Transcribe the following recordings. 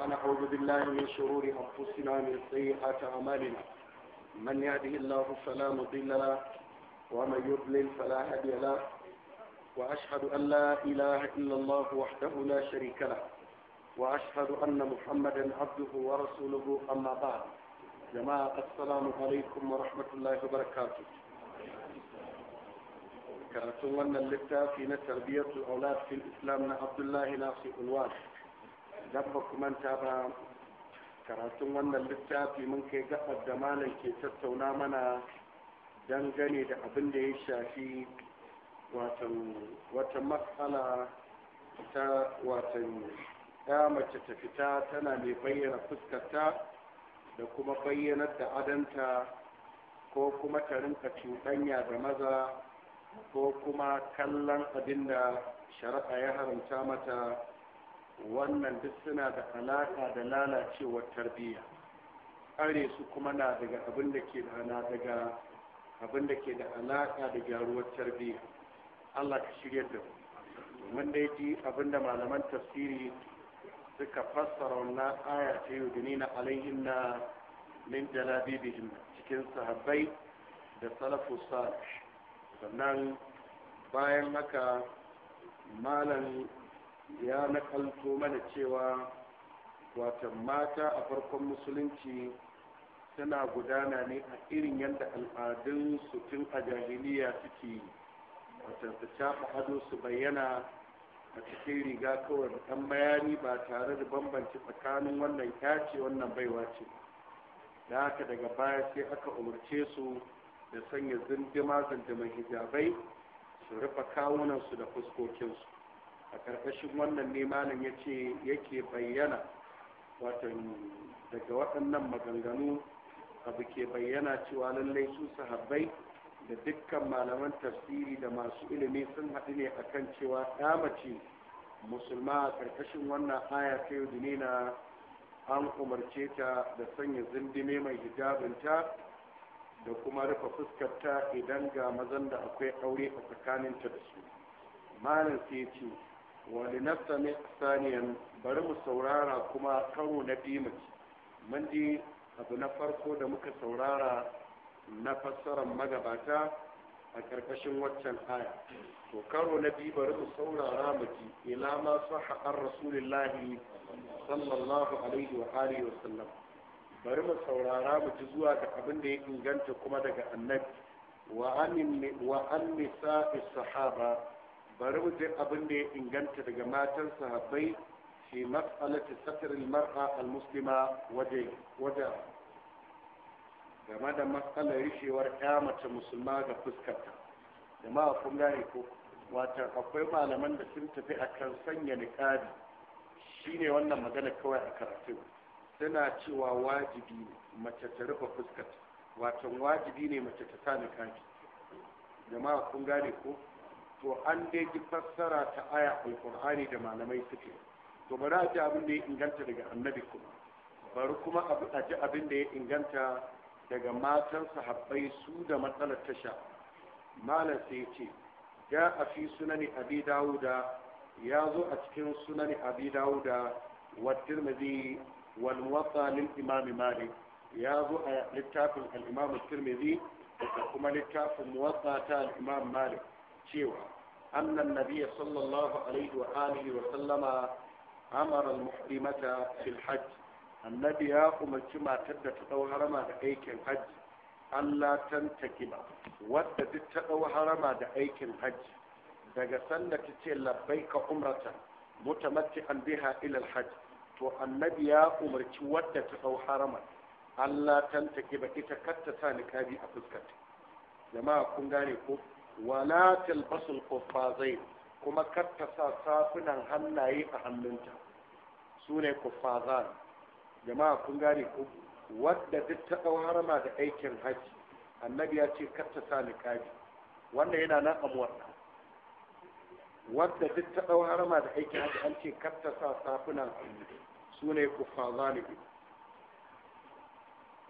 ونعوذ بالله من شرور أنفسنا من سيئات أعمالنا من يهده الله فلا مضل له ومن يضلل فلا هادي له وأشهد أن لا إله إلا الله وحده لا شريك له وأشهد أن محمدا عبده ورسوله أما بعد جماعة السلام عليكم ورحمة الله وبركاته كانت لنا اللتافي تربية الأولاد في الإسلام عبد الله ناصي الواحد dan ba manta ba karatun wannan littafi mun kai gabar da malam ke tattauna mana dangane da abin da ya shafi watan wata matsala ta watan ya mace ta fita tana mai bayyana fuskarta da kuma bayyanar da adanta ko kuma ta rinka cuɗanya da maza ko kuma kallon abin da shari'a ya haramta mata wannan duk suna da alaka da lalacewar tarbiyya kare su kuma na daga abin da ke da ana daga abin da ke da alaka da gyaruwar tarbiyya Allah ka shirya da mun dai ji abin da malaman tafsiri suka fassara wannan aya ta na alaihin na min jalabibihim cikin sahabbai da salafu sa sannan bayan haka malam ya nakalto mana cewa watan mata a farkon musulunci tana gudana ne a irin yadda al'adun su tun a jahiliya suke yi watan su cafa hado su bayyana a cikin riga kawai dan bayani ba tare da bambanci tsakanin wannan ya ce wannan baiwa ce da haka daga baya sai aka umarce su da sanya zindima zindiman hijabai su rufa kawunansu da fuskokinsu a karkashin wannan ne malam ya ce yake bayyana watan daga waɗannan maganganu abu ke bayyana cewa lallai su sahabbai da dukkan malaman tafsiri da masu ilimi sun haɗu ne akan cewa ɗamace musulma a ƙarƙashin wannan aya ta yau na an umarce ta da sanya zindime mai hijabinta da kuma rufe fuskarta idan ga mazan da akwai aure a tsakaninta da su malam sai ce wani nasta saniyan bari mu saurara kuma karo na biyu mun ji abu na farko da muka saurara na fassarar magabata a ƙarƙashin waccan aya to karo na biyu bari mu saurara mu ji ila ma sahha rasulillahi sallallahu alaihi wa alihi wa sallam bari mu saurara mu ji zuwa ga abin da ya inganta kuma daga annabi wa an wa sahaba bari mu je abin da ya inganta daga matan sahabbai fi mas'alati satr al-mar'a al-muslima waje waje game da matsalar rishewar ya mace musulma ga fuskarta jama'a kun gane ko wata akwai malaman da sun tafi akan sanya niqabi shine wannan magana kawai a karatu suna cewa wajibi ne mace ta rufe fuskarta watan wajibi ne mace ta sa niqabi jama'a kun gane ko to an dai ji fassara ta aya alkur'ani da malamai suke to bari a ji abin da ya inganta daga annabi kuma bari kuma a ji abin da ya inganta daga matan sahabbai su da matsalar tasha malam sai ce ya a fi sunani abi dawuda ya zo a cikin sunani abi dawuda wa tirmidhi wal muwatta lil imam malik ya zo a littafin al imam tirmidhi da kuma littafin muwatta ta al imam malik cewa annan Nabiya sallallahu alaihi wa alihi wa sallama amara al-muhrimata fil hajj annabi ya umarci matar da ta dau harama da aikin hajji Allah tantaki ba wadda duk ta dau harama da aikin hajji daga sanda ta ce labbaika umratan mutamatti'an biha ila al-hajj to annabi ya umarci wadda ta dau harama Allah tantaki ba ita katta sa kabi a fuskarta jama'a kun gane ko wala talbasul kuffazai kuma katta sa safunan hannaye a hannunta su ne kuffazan jama'a kun gane ku wadda duk ta ɗau harama da aikin haji annabi ya ce katta sa niqabi wannan yana nan amwarta wadda duk ta ɗau harama da aikin haji an ce katta sa safunan su ne kuffazan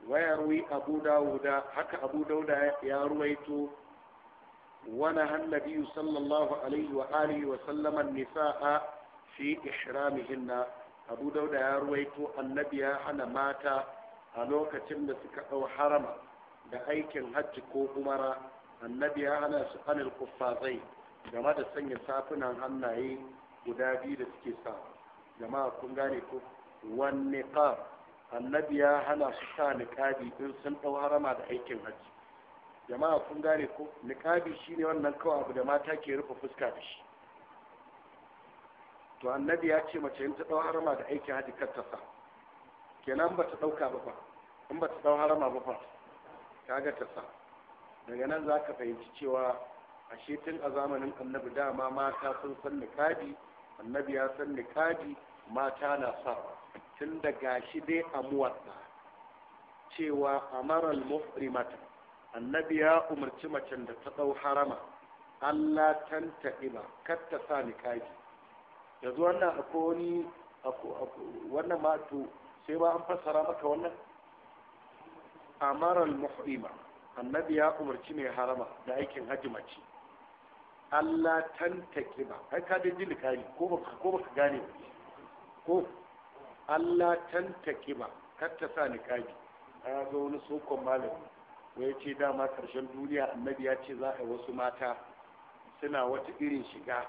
wayarwi abu dawuda haka abu dauda ya ruwaito ونهى النبي صلى الله عليه وآله وسلم النساء في إحرامهن أبو داود يا رويت النبي أنا مات أنا كتمنا أو حرم da aikin hajji ko umara annabi ya hana su anil kuffazai game da sanya safunan hannaye guda biyu da suke sa jama'a kun gane ko wanne ka annabi ya hana su sa sun ɗau harama da aikin hajji jama'a kun gane ko nikabi shine wannan kawai abu da mata ke rufe fuska da shi to annabi ya ce mace in ta dau harama da aikin haji kar kenan ba ta dauka ba fa in ba ta dau harama ba fa kaga ta sa daga nan za ka fahimci cewa ashe tun a zamanin annabi dama mata sun san nikabi annabi ya san nikabi mata na sa tun da gashi dai a muwatta cewa amaral muhrimata annabi ya umarci macen da ta ɗau harama Allah ba, kar ta sa kaji. yanzu wannan akwai wani wannan ma to sai ba an fassara maka wannan amaral muhrima annabi ya umarci mai harama da aikin haji mace Allah tantake ba kai ka dai jini kaji, ko baka ko baka gane ko Allah tantake ba kar ta sa kaji. a ga wani sokon malami wai ce dama karshen duniya annabi ya ce za a wasu mata suna wata irin shiga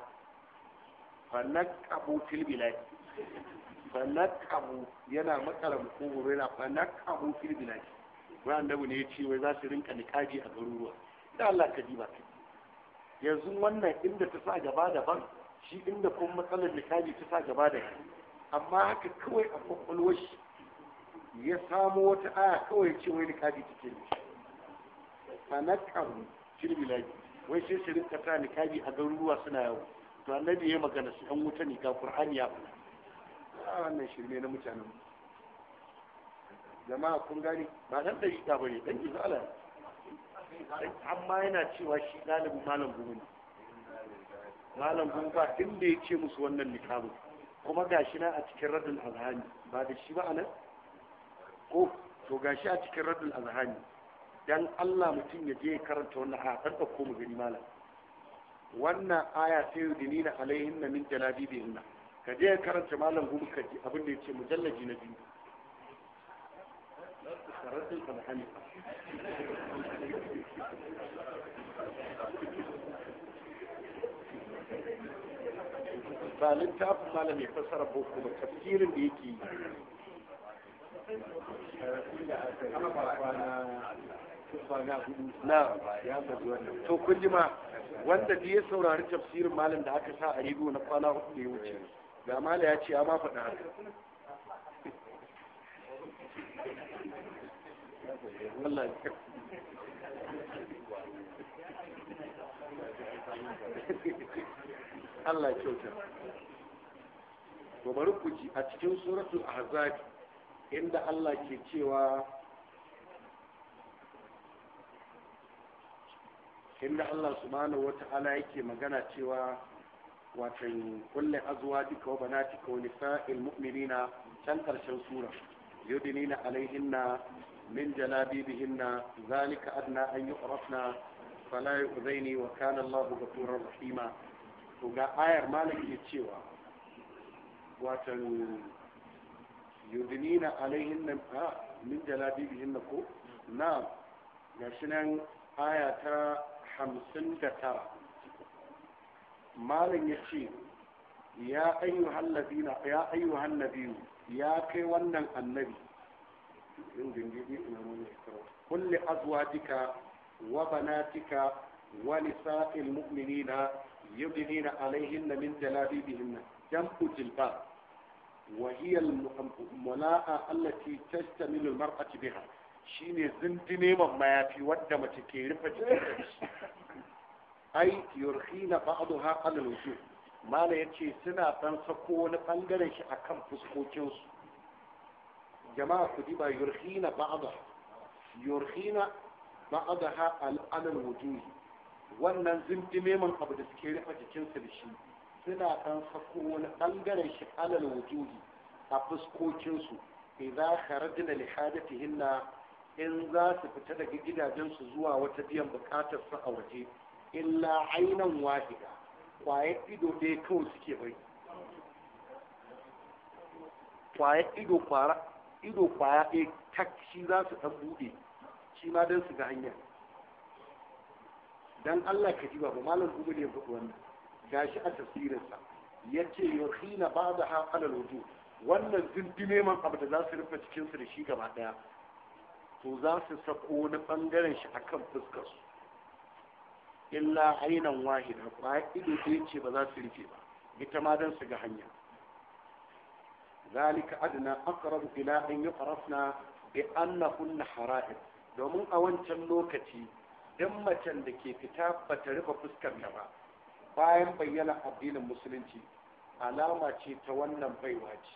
fannak abu filbilai fannak abu yana makaram ko yana fannak abu filbilai Wani annabi ne ya ce wai za su rinka niƙaji a garuruwa da Allah ka ji ba yanzu wannan inda ta sa gaba daban shi inda kuma matsalar niƙaji ta sa gaba da amma haka kawai a kwakwalwar shi ya samo wata aya kawai ce wai niƙaji take ne fanakahu fil bilad wai sai su rinka sa nikabi a garuruwa suna yawo to annabi ya magana su an wuta ne ga qur'ani ya faɗa a ah, wannan shirme na mutanen jama'a kun gani. ba dan shi ta bane dan ji ala amma yana cewa shi dalibin malam gumi. ne malam gumi ba inda ya ce musu wannan nikabin kuma gashi na a cikin radul azhani ba da shi ba anan ko to gashi a cikin radul azhani dan Allah mutum ya je karanta wannan a dan dauko mu gani malam wannan aya ta alaihin na min jalabibihinna ka je karanta malam gudu ka ji abin da yace mujallaji na biyu karatun sanahani ba littafin malam ya fassara boko ba tafsirin da yake yi na to kun ji ma wanda da ya saurari tafsirin malam da aka sa a rigo na kwana hudu da ya wuce ga mala ya ce ya ma faɗa haka wallahi Allah kyauta to bari ku ji a cikin suratul ahzab inda Allah ke cewa inda Allah subhanahu wata'ala yake magana cewa watan kulli azwajika wa banatika wa nisa'il mu'minina can karshen sura yudinina alaihinna min jalabibihinna zalika adna an yu'rafna fala yu'zaini wa kana Allah ghafurur rahima to ga ayar malam ke cewa watan yudinina alaihinna ah, min jalabibihinna ko na gashi nan aya ta hamsin da tara malam ya ce ya ayyuhan labina ya ayyuhan nabiyu ya kai wannan annabi in dingidi ina mun kulli azwajika wa banatika wa nisa'il mu'minina yudnina alaihinna min jalabibihinna jam'u jilbab وهي الملاءة التي تشتمل المرأة بها shine zindine neman mayafi wadda mace ke rufe jikin da shi ai Ba'adu ba'daha ala al-wujuh mala yace suna san sako wani bangaren shi akan fuskokin su jama'a ku diba yurkhina ba'da yurkhina ba'daha ala al-wujuh wannan zindime man abu da suke rufe cikin su da shi suna san sako wani bangaren shi alal wujuh a fuskokin su idza kharajna li hadatihinna in za su fita daga gidajensu zuwa wata biyan bukatar su a waje illa ainihin wahida kwayar ido ɗaya kawai suke bari kwayar ido kwara ido kwaya ɗaya tak shi za su ɗan buɗe shi ma don su ga hanya dan Allah ka ji ba ba malam kuma ne faɗi wannan gashi a tafsirinsa ya ce ba da ala alwudu wannan dindime man abu da za su rufe cikinsu da shi gaba ɗaya Su za su sako wani bangaren shi akan fuskar su illa ainan wahida ba ido ɗaya ce ba za su rufe ba ita ma don su ga hanya ذلك ila an yi أن يعرفنا بأنهن Hara'in, domin a wancan lokaci dan macen da ke fita ba ta rufe fuskar ta ba bayan bayyana addinin musulunci alama ce ta wannan baiwa ce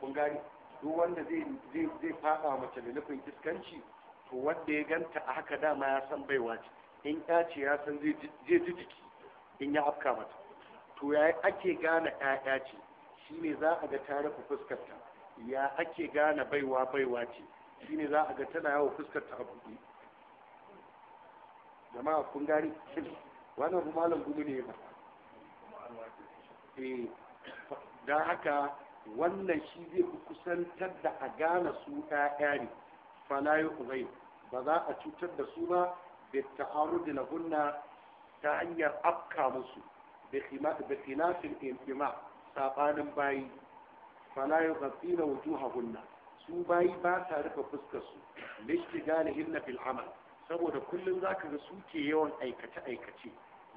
kun gani duk wanda zai zai fada mace da nufin iskanci to wanda ya ganta a haka dama ya san baiwa ce in ya ce ya san zai ji jiki in ya afka mata to ya ake gane ƴaƴa ce shi ne za a ga ta ku fuskarta ya ake gane baiwa baiwa ce shi ne za a ga tana yawo fuskarta a buɗe jama'a kun gari wannan malam gudu ne ba eh, don haka wannan shi zai fi kusantar da a gane su ɗaya ne fala yi ubai ba za a cutar da su ba da da lahunna ta hanyar afka musu da khilafin intima sabanin bayi fala ya gafi na hagunna su bayi ba ta rufe fuskar su lishti galihin na saboda kullum za ka ga su ke yawan aikace-aikace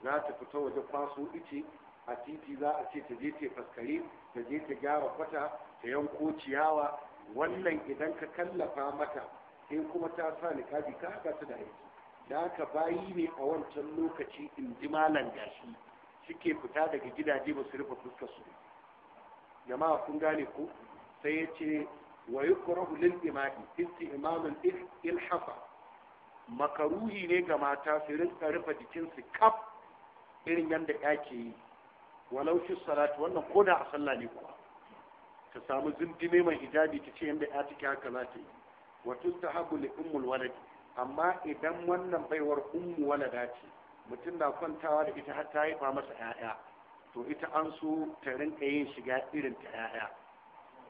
za ta fita waje kwaso ice a titi za a ce ta je ta faskare ta je ta gyara kwata ta yanko ciyawa wannan idan ka kallafa mata sai kuma ta sa ni kaji ka haɗa ta da aiki da bayi ne a wancan lokaci in ji malan gashi suke fita daga gidaje ba su rufe fuskar su jama'a kun gane ko sai ya ce wa yukrahu lil imami il ilhafa makaruhi ne ga mata su rinka rufe jikinsu kaf irin yanda yake yi walau fi salatu wannan ko da a sallah ne kuwa ta samu zindime mai hijabi ta ce yadda ya take haka za ta yi ta haɓu ne ummul walad amma idan wannan baiwar umu walada ce mutum na kwantawa da ita har ta haifa masa 'ya'ya to ita an so ta rinka yin shiga irin ta 'ya'ya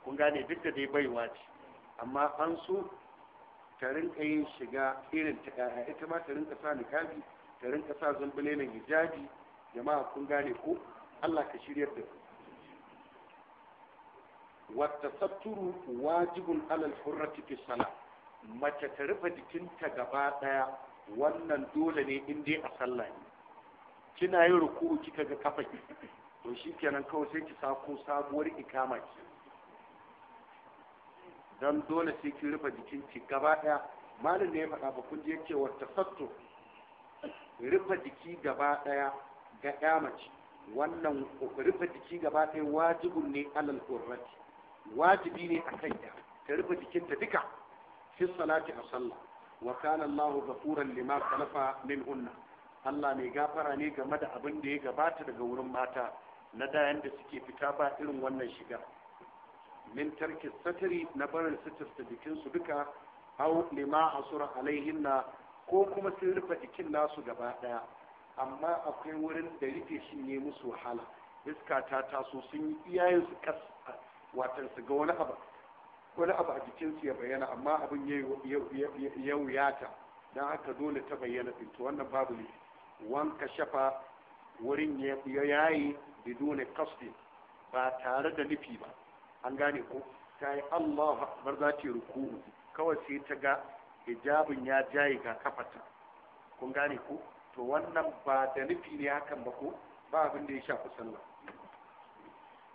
kun gane duk da dai baiwa ce amma an so ta rinka yin shiga irin ta 'ya'ya ita ma ta rinka sa niqabi ta rinka sa ne hijabi jama'a kun gane ko Allah ka shiryar da wata satturu wajibun alal hurrati fi sala mace ta rufe jikinta gaba daya wannan dole ne in dai a sallah kina yin ruku'u kika ga kafa ki to shikenan kawai sai ki sako sabuwar ikama ki dan dole sai ki rufe jikinki gaba daya malin ne ya faɗa ba kun je cewa tasattu rufe jiki gaba daya ga ya mace wannan rufe jiki gaba ɗaya wajibun ne alal qurrati wajibi ne a kanta ta rufe jikinta duka fi salati a sallah wa kana Allah ghafuran lima khalafa min unna Allah mai gafara ne game da abin da ya gabata daga wurin mata na dayan da suke fita ba irin wannan shiga min tarki satari na barin jikin su duka au lima asura alaihinna ko kuma sun rufe jikin nasu gaba ɗaya amma akwai wurin da rike shi ne musu wahala iska ta taso sun yi iyayen su kas watan su ga wani abu wani abu a jikinsu ya bayyana amma abin ya wuyata don haka dole ta bayyana to wannan babu ne wanka shafa wurin ya yayi dole kasfi ba tare da nufi ba an gane ko ta yi allah bar za ta ruku kawai sai ta ga hijabin ya jaye ga kafata kun gane ko to wannan ba da nufi ne hakan ba ko ba abin da ya shafi sallah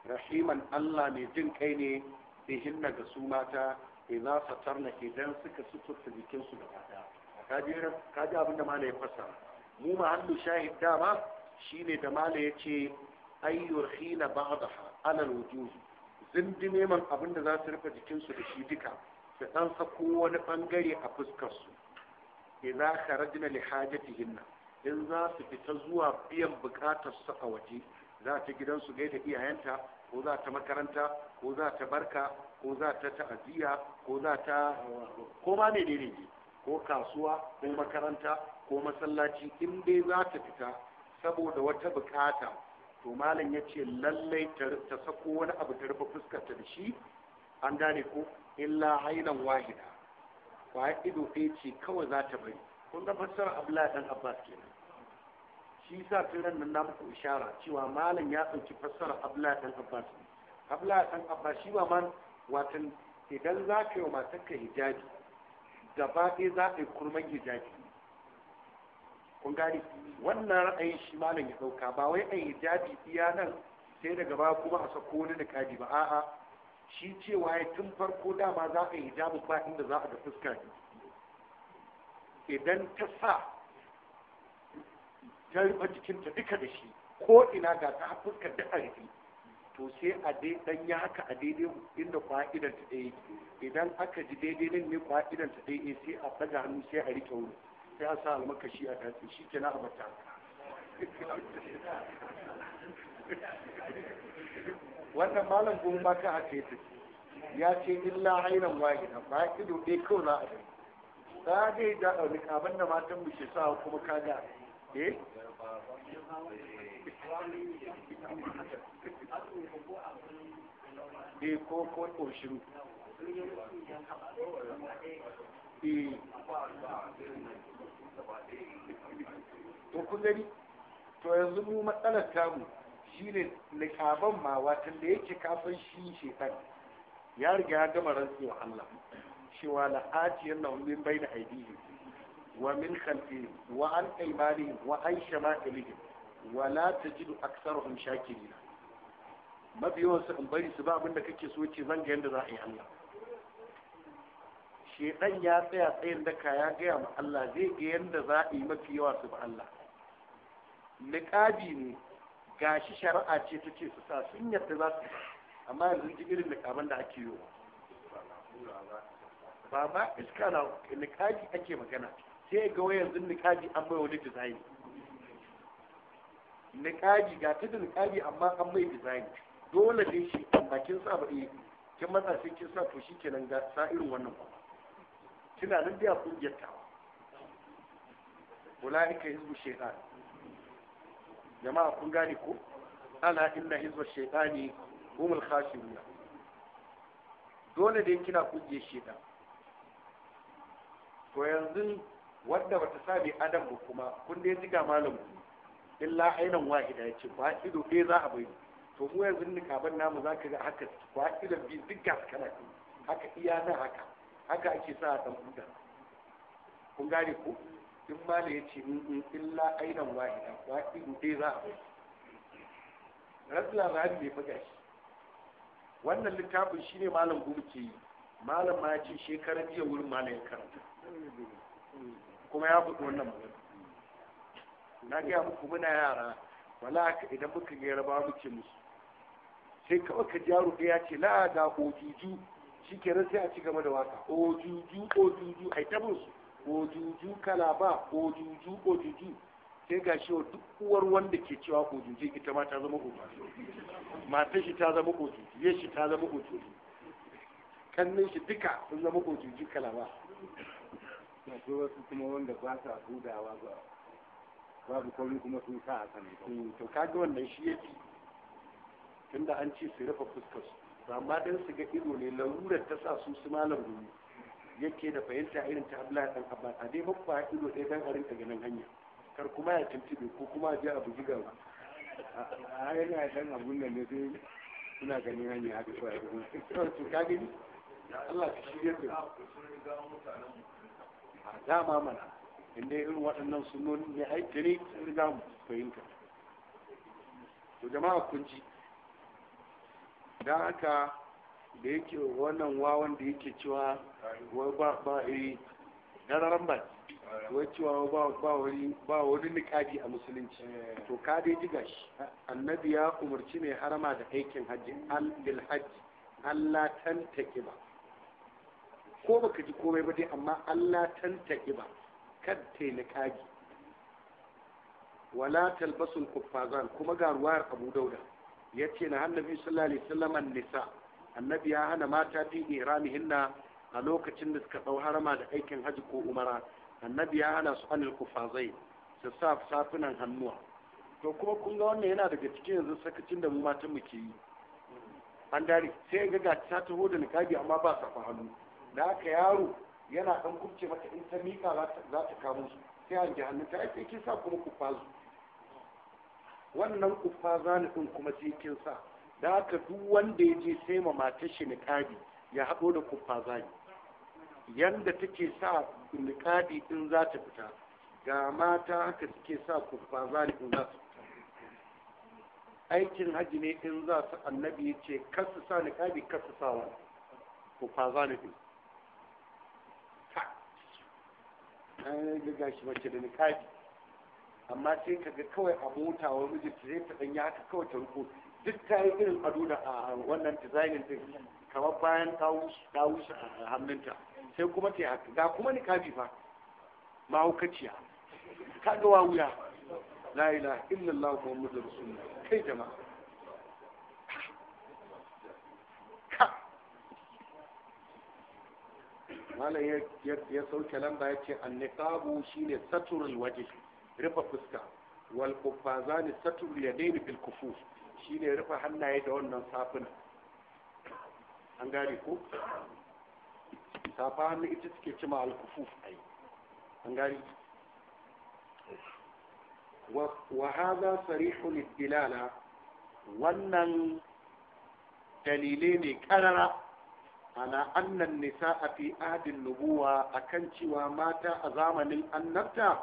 rahiman Allah mai jin kai ne bihinna ga su mata idza satarna idan suka suturta jikin su gaba daya kaji abin da malai fasa mu hannu shahid dama shine da malai yace ayyurhina ba'daha ala alwujud zindime man abin da za su rufe jikinsu da shi duka su dan sako wani bangare a fuskarsu su idza kharajna li hajatihinna in za su fita zuwa biyan bukatar su a waje za ta gidansu da iyayenta ko za ta makaranta ko za ta barka ko za ta ta'aziyya ko za ta ko ma menene ne ko kasuwa ko makaranta ko masallaci in dai za ta fita saboda wata bukata to malam ya ce lallai ta sako wani abu ta rufe fuskarta da shi an gane ko illa hailan wahida kwaya ido ɗaya ce kawai za ta bari kun ga fassara abu dan abbas kenan shi sa tun nan na muku ishara cewa malam ya ɗauki fassara abdullahi dan abbas abdullahi dan abbas shi ba man watan idan za ka yi wa ka hijabi gaba ɗaya za ka yi kurman hijabi kun gani wannan ra'ayin shi malam ya ɗauka ba wai a hijabi iya nan sai daga ba kuma a sako wani da kadi ba a'a shi cewa ya tun farko dama za ka yi hijabin ba inda za a ga fuska idan ta sa ta rufe jikinta duka da shi ko ina ga ta fuskar da ƙarfi to sai a dai dan ya haka a daidai inda kwa'idan ta ɗaya idan aka ji daidai nan ne kwa'idan ta ɗaya sai a ɗaga hannu sai a rike wuri sai a sa almakashi a tafi shi kenan a bata wannan malam gun baka a ce ya ce illa hairan wahida ba ido ɗaya kawai na a ɗaya ta dai da a rika abin da matan mu ke sa kuma kaga eh e ko ko ko shiru e to kun gani to yanzu mu matsalar tamu shine likaban mawa watan da yake kafin shi shekar ya riga ya gama rantsewa Allah cewa la'atiyar na min bai da aidihi ومن خلفهم وعن أيمانهم وعن شمائلهم ولا تجد أكثرهم شاكرين ما بيوس إن بين سباب إنك كسوتي زن جند رأي الله shedan ya tsaya tsayin da ya gaya ma Allah zai ga yadda za a yi mafi yawa su ba Allah niƙabi ne gashi shari'a ce ta ce su sa sun yadda za su amma yanzu ji irin niƙaban da ake yi ba ma iska na niƙabi ake magana sai ga wayan zin nikaji an mai wani design nikaji ga ta da niƙabi amma an mai design dole ne shi amma kin sa ba eh kin matsa sai kin sa to shikenan ga sa irin wannan ba kina nan da kungiyar ta ulaika hizbu shaytan jama'a kun gane ko ala inna hizbu shaytani humul khasiruna dole dai kina kungiyar shaytan Ko yanzu wanda bata sami adam ba kuma kun dai jiga malam illa ainan wahida yace ba ido ɗaya za a bai to mu yanzu ni kaban namu zaka ga haka ba ido bi dukka kana haka iya na haka haka ake sa a san buda kun gane ku in mala yace in mm, mm, illa ainan wahida ba ido ɗaya za a bai rasla rabi bai faga shi wannan littafin shine malam yi. malam ma ya ce shekaran jiya wurin malam ya karanta kuma ya faɗi wannan magana na gaya muku muna yara wala idan muka ga ba muke musu sai kawai ka jaro da ya ce la da ojuju shi ke sai a ci gaba da waka ojuju ojuju ai ta musu ojuju kalaba ojuju ojuju sai ga shi duk uwar wanda ke cewa ojuju ita ma ta zama ojuju matar shi ta zama ojuju ya shi ta zama ojuju kannin shi duka sun zama ojuju kalaba akwai wasu kuma wanda ba sa hudawa ba babu komai kuma sun sa a sanin ba hmm, to kaga wannan shi yake tunda an ce su rufe fuskar su amma dan su ga ido ne larurar ta sa su su malam gumi yake da fahimta irin ta Abdullahi dan Abbas a dai babba ido ɗaya dan arin ta ganin hanya kar kuma ya tuntube ko kuma ya je a bugi ba. a yana dan abun nan ne sai suna ganin hanya haka kawai to kaga Allah ka shirye da a dama mana inda irin waɗannan sunnoni ne aiki ne sun riga mu fahimta to jama'a kun ji don haka da yake wannan wawan da yake cewa wai ba ba iri eh, na rarambar wai cewa ba wani ba wani nikadi a musulunci to ka dai ji shi. annabi ya umarci mai harama da aikin hajji al bil hajji Allah tantake ba ko baka ji komai ba dai amma Allah tantaki ba kad tailakagi wala talbasul kuffazan kuma ga ruwayar Abu Dauda yace na annabi sallallahu alaihi wasallam annisa nisa annabi ya hana mata fi iramihinna a lokacin da suka dau harama da aikin haji ko umara annabi ya hana su anil kuffazai su sa safunan hannuwa to kuma kun ga wannan yana daga cikin yanzu sakacin da mu matan muke yi an dare sai ga ga ta taho da nikabi amma ba safa hannu da haka yaro yana dan kubce mata in ta mika za ta kamo su sai an ji hannun ta ake kisa sa kuma kufa su wannan kufa ni din kuma sai kin sa da haka duk wanda ya je sai ma mata shi niqabi ya haɗo da kufa zani yanda take sa niqabi din za ta fita ga mata haka suke sa kufa zani din za su aikin hajji ne in za su annabi ya ce kasu sa niqabi kasu sa wani kufa ni din an riga shi mace da nikafi amma sai ka ga kawai a mota wa mijinta sai ta ɗanya haka kawai ta ruku duk ta yi irin ado da a wannan designin din kamar bayan ta wuce a hannunta sai kuma ta haka ga kuma nikafi fa mahaukaciya ka ga wawuya la ilaha illallah muhammadu rasulullah kai jama'a malam ya sauke lamba ya ce shi shine saturul waje rufe fuska wal kufazani saturul yadaini bil kufuf shine rufe hannaye da wannan safuna an gane ko safa hannu ita suke cima al kufuf ai an gane wa hadha sarihul dilala wannan dalilai ne karara Ana annan a fi adin nubuwa kan cewa mata a zamanin annabta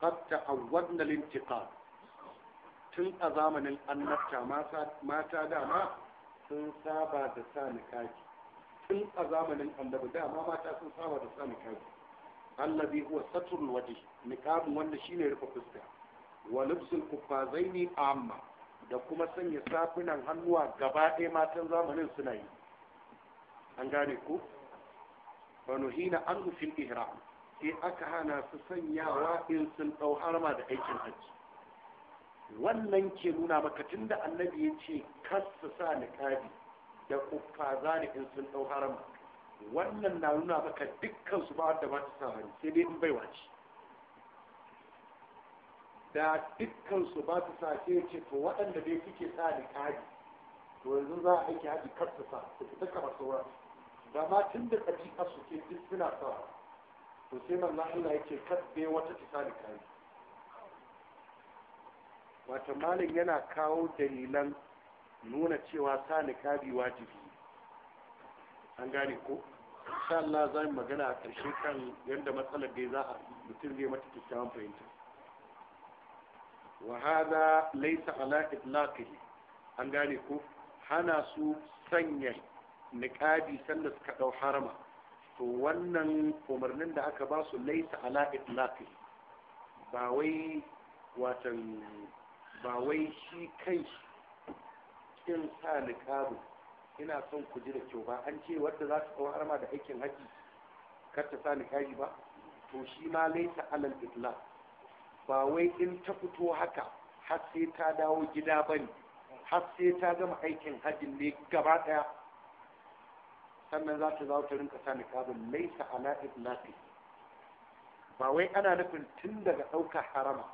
hatta a wannan lintika tun a zamanin annabta mata dama sun saba da sa nikaki tun a zamanin annabi dama mata sun saba da sa nikaji allazi huwa satrul waji niqab wanda shine rufe fuska wa lubsul kuffazaini amma da kuma sanya safunan hannuwa gaba ɗaya matan zamanin suna yi an gane ku wa na an rufin ihra sai aka hana su sanyawa in sun ɗau harma da aikin hajji wannan ke nuna maka da annabi ya ce kar su sa niqabi da kuffa zani in sun ɗau harma wannan na nuna maka dukkan su ba da ba su sa hari sai dai in baiwa ce da dukkan su ba su sa sai ce to waɗanda dai suke sa niqabi to yanzu za a aiki haji kar su sa su fita kamar sauransu da ma tun da ɗabi'a su ke duk suna sa to sai manzo Allah yake kasbe wata da kai wato malam yana kawo dalilan nuna cewa sa nikabi wajibi an gane ko insha Allah za magana a ƙarshe kan yadda matsalar da za a mutum zai mata kyakkyawan fahimta wa hada laysa ala itlaqihi an gane ko hana su sanya niqabi sanda suka dau harama to wannan umarnin da aka ba su laisa ala itlaqi ba wai watan ba wai shi kai kin sa niqabi ina son ku jira da kyau ba an ce wanda za su dau harama da aikin haji kar ta sa niqabi ba to shi ma laisa ala itlaq ba wai in ta fito haka har sai ta dawo gida bane har sai ta gama aikin hajji ne gaba daya sannan za ta zaute ta rinka sa niqabin laisa ala itlaqi ba wai ana nufin tun daga ɗauka harama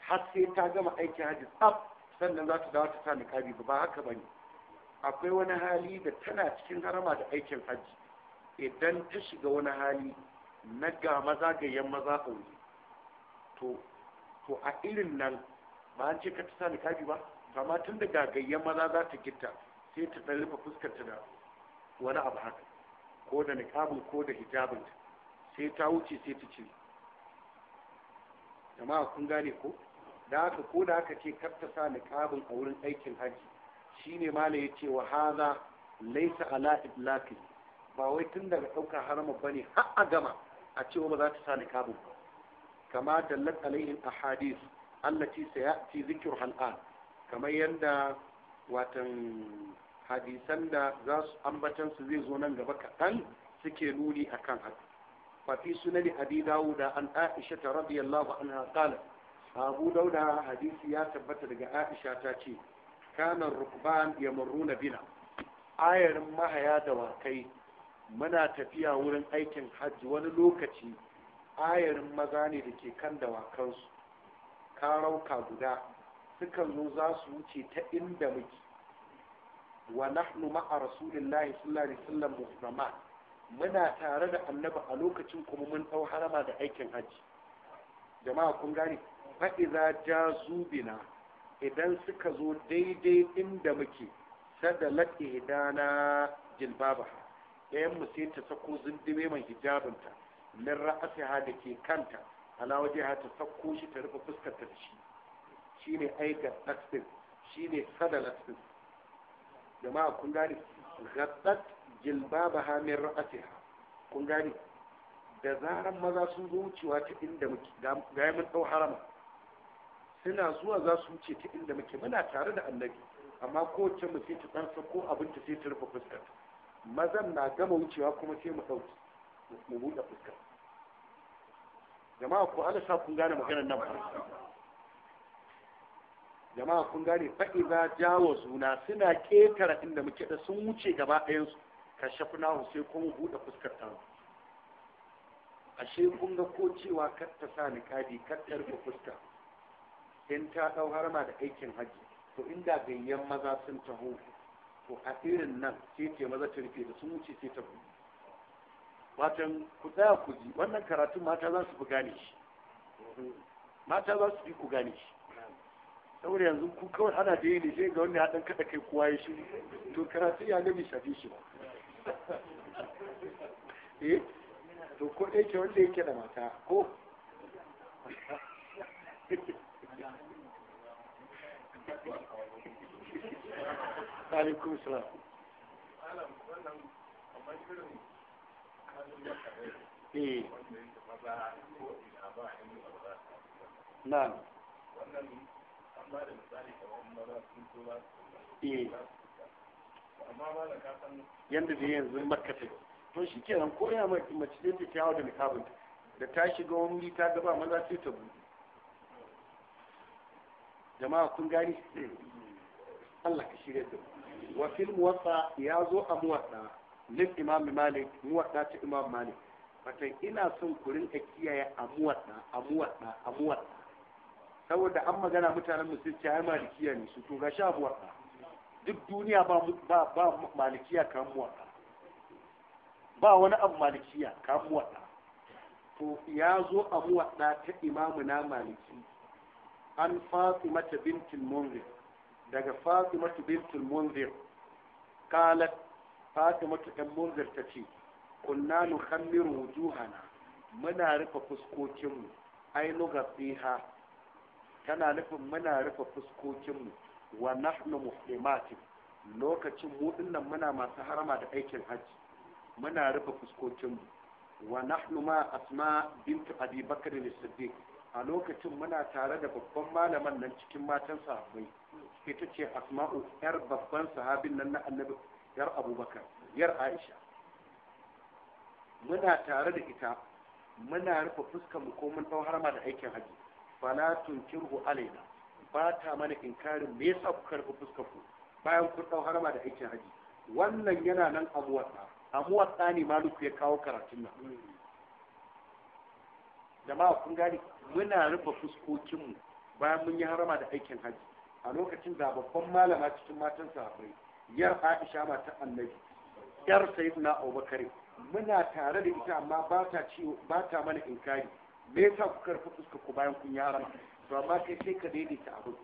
har sai ta gama aikin haji tsaf sannan za ta dawo ta sa niqabi ba haka bane akwai wani hali da tana cikin harama da aikin hajji idan ta shiga wani hali na ga maza ga yan maza aure to to a irin nan ba an ce ka ta sa niqabi ba amma tun daga gayyan maza za ta gitta sai ta dan rufe fuskar ta da wani abu haka ko da niqabin ko da hijabin sai ta wuce sai ta cire jama'a kun gane ko da haka ko da haka ce kar ta sa niqabin a wurin aikin haji shine mala yace wa hadha laysa ala itlaqi ba wai tun daga daukar harama bane har a gama a cewa ba za ta sa niqabin ba kama dallat alaihi ahadith allati sayati dhikruha al'an kamar yanda watan hadisan da za su ambatan su zai zo nan gaba kaɗan suke nuni akan haka fa fi sunan abi dawuda an aisha ta radiyallahu anha qala abu dauda hadisi ya tabbata daga aisha ta ce kana rukban muruna bina ayarin mahaya da wakai muna tafiya wurin aikin hajji wani lokaci ayarin maza ne da ke kan dawakansu karauka guda sukan zo za su wuce ta inda muke wa nahnu ma'a rasulillahi sallallahu alaihi wasallam muhrama muna tare da annabi a lokacin kuma mun dau harama da aikin haji jama'a kun gane fa idza jazu bina idan suka zo daidai inda muke sada laɗe ihdana jilbaba ɗayan mu sai ta sako zindime mai hijabinta min ra'asiha da ke kanta ala ha ta sako shi ta rufe fuskar ta da shi shine aigar ɗin shine sada jama'a kun gani gatsat jilbabaha min ra'atiha kun gani da zaran maza sun zo wucewa ta inda muke ga mun dau harama suna zuwa za su wuce ta inda muke muna tare da annabi amma kowace mu sai ta tsarsa ko abin ta sai ta rufe fuskar mazan na gama wucewa kuma sai mu dauki mu buɗe fuskar jama'a ko Allah sa kun gane maganar nan ba jama'a kun gane fa'iza jawo suna suna ketara inda muke da sun wuce gaba ɗayansu ka shafi nahu sai kuma buɗe fuskar ta ashe kun ga ko cewa kar ta sa niƙadi kar ta rufe fuska in ta dau harma da aikin haji to inda ganyen maza sun taho to a irin nan sai ce maza ta rufe da sun wuce sai ta buɗe watan ku tsaya ku ji wannan karatun mata za su fi gane shi mata za su fi ku gane shi saboda yanzu ku kawai ana da yi ne sai ga wani haɗin dan kada kai kuwa ya shi to karatu ya nabi shafi shi ba eh to ko dai ke wanda yake da mata ko alaikum eh. na Eh. yadda zai yanzu makasai to shi nan ko ya mace da ta yawo da nikabin da ta shiga wani wuri ta gaba maza sai ta buɗe jama'a kun gani Allah ka shirya da wa fil muwatta ya zo a muwatta lil imam malik muwatta ta imam malik fatan ina son ku rinka kiyaye a muwatta a muwatta a muwatta saboda an magana mutanen mu sai ai malikiya ne su to sha abuwa duk duniya ba ba ba malikiya kamuwa ba wani abu malikiya kamuwa to ya zo abu muwaɗa ta imamu na maliki an mata bintin munzir daga fatimatu bintul munzir kalat mata ɗan munzir ta ce kunna nukhammiru wujuhana muna rufe fuskokinmu ai nugafiha tana nufin muna rufe fuskokinmu wa nahnu muslimatin lokacin mu dinnan muna masu harama da aikin hajji muna rufe fuskokinmu wa nahnu ma asma bint abi bakr as-siddiq a lokacin muna tare da babban malaman nan cikin matan sahabbai ita ce asma'u yar babban sahabin nan na annabi yar abubakar yar aisha muna tare da ita muna rufe fuskar mu ko mun dau harama da aikin haji fala kirhu alaina ba ta mana inkarin me yasa ku karfi fuskar ku bayan kun dau harama da aikin haji wannan yana nan amuwatsa amuwatsa ne maluku ya kawo karatun nan jama'a kun gane muna rufe fuskokinmu bayan mun yi harama da aikin haji a lokacin da babban malama cikin matan sahabbai yar Aisha mata annabi yar sayyidina Abubakar muna tare da ita amma ba ta mana inkari me yasa ku karfi fuska ku bayan kun yara to amma kai sai ka daidaita abu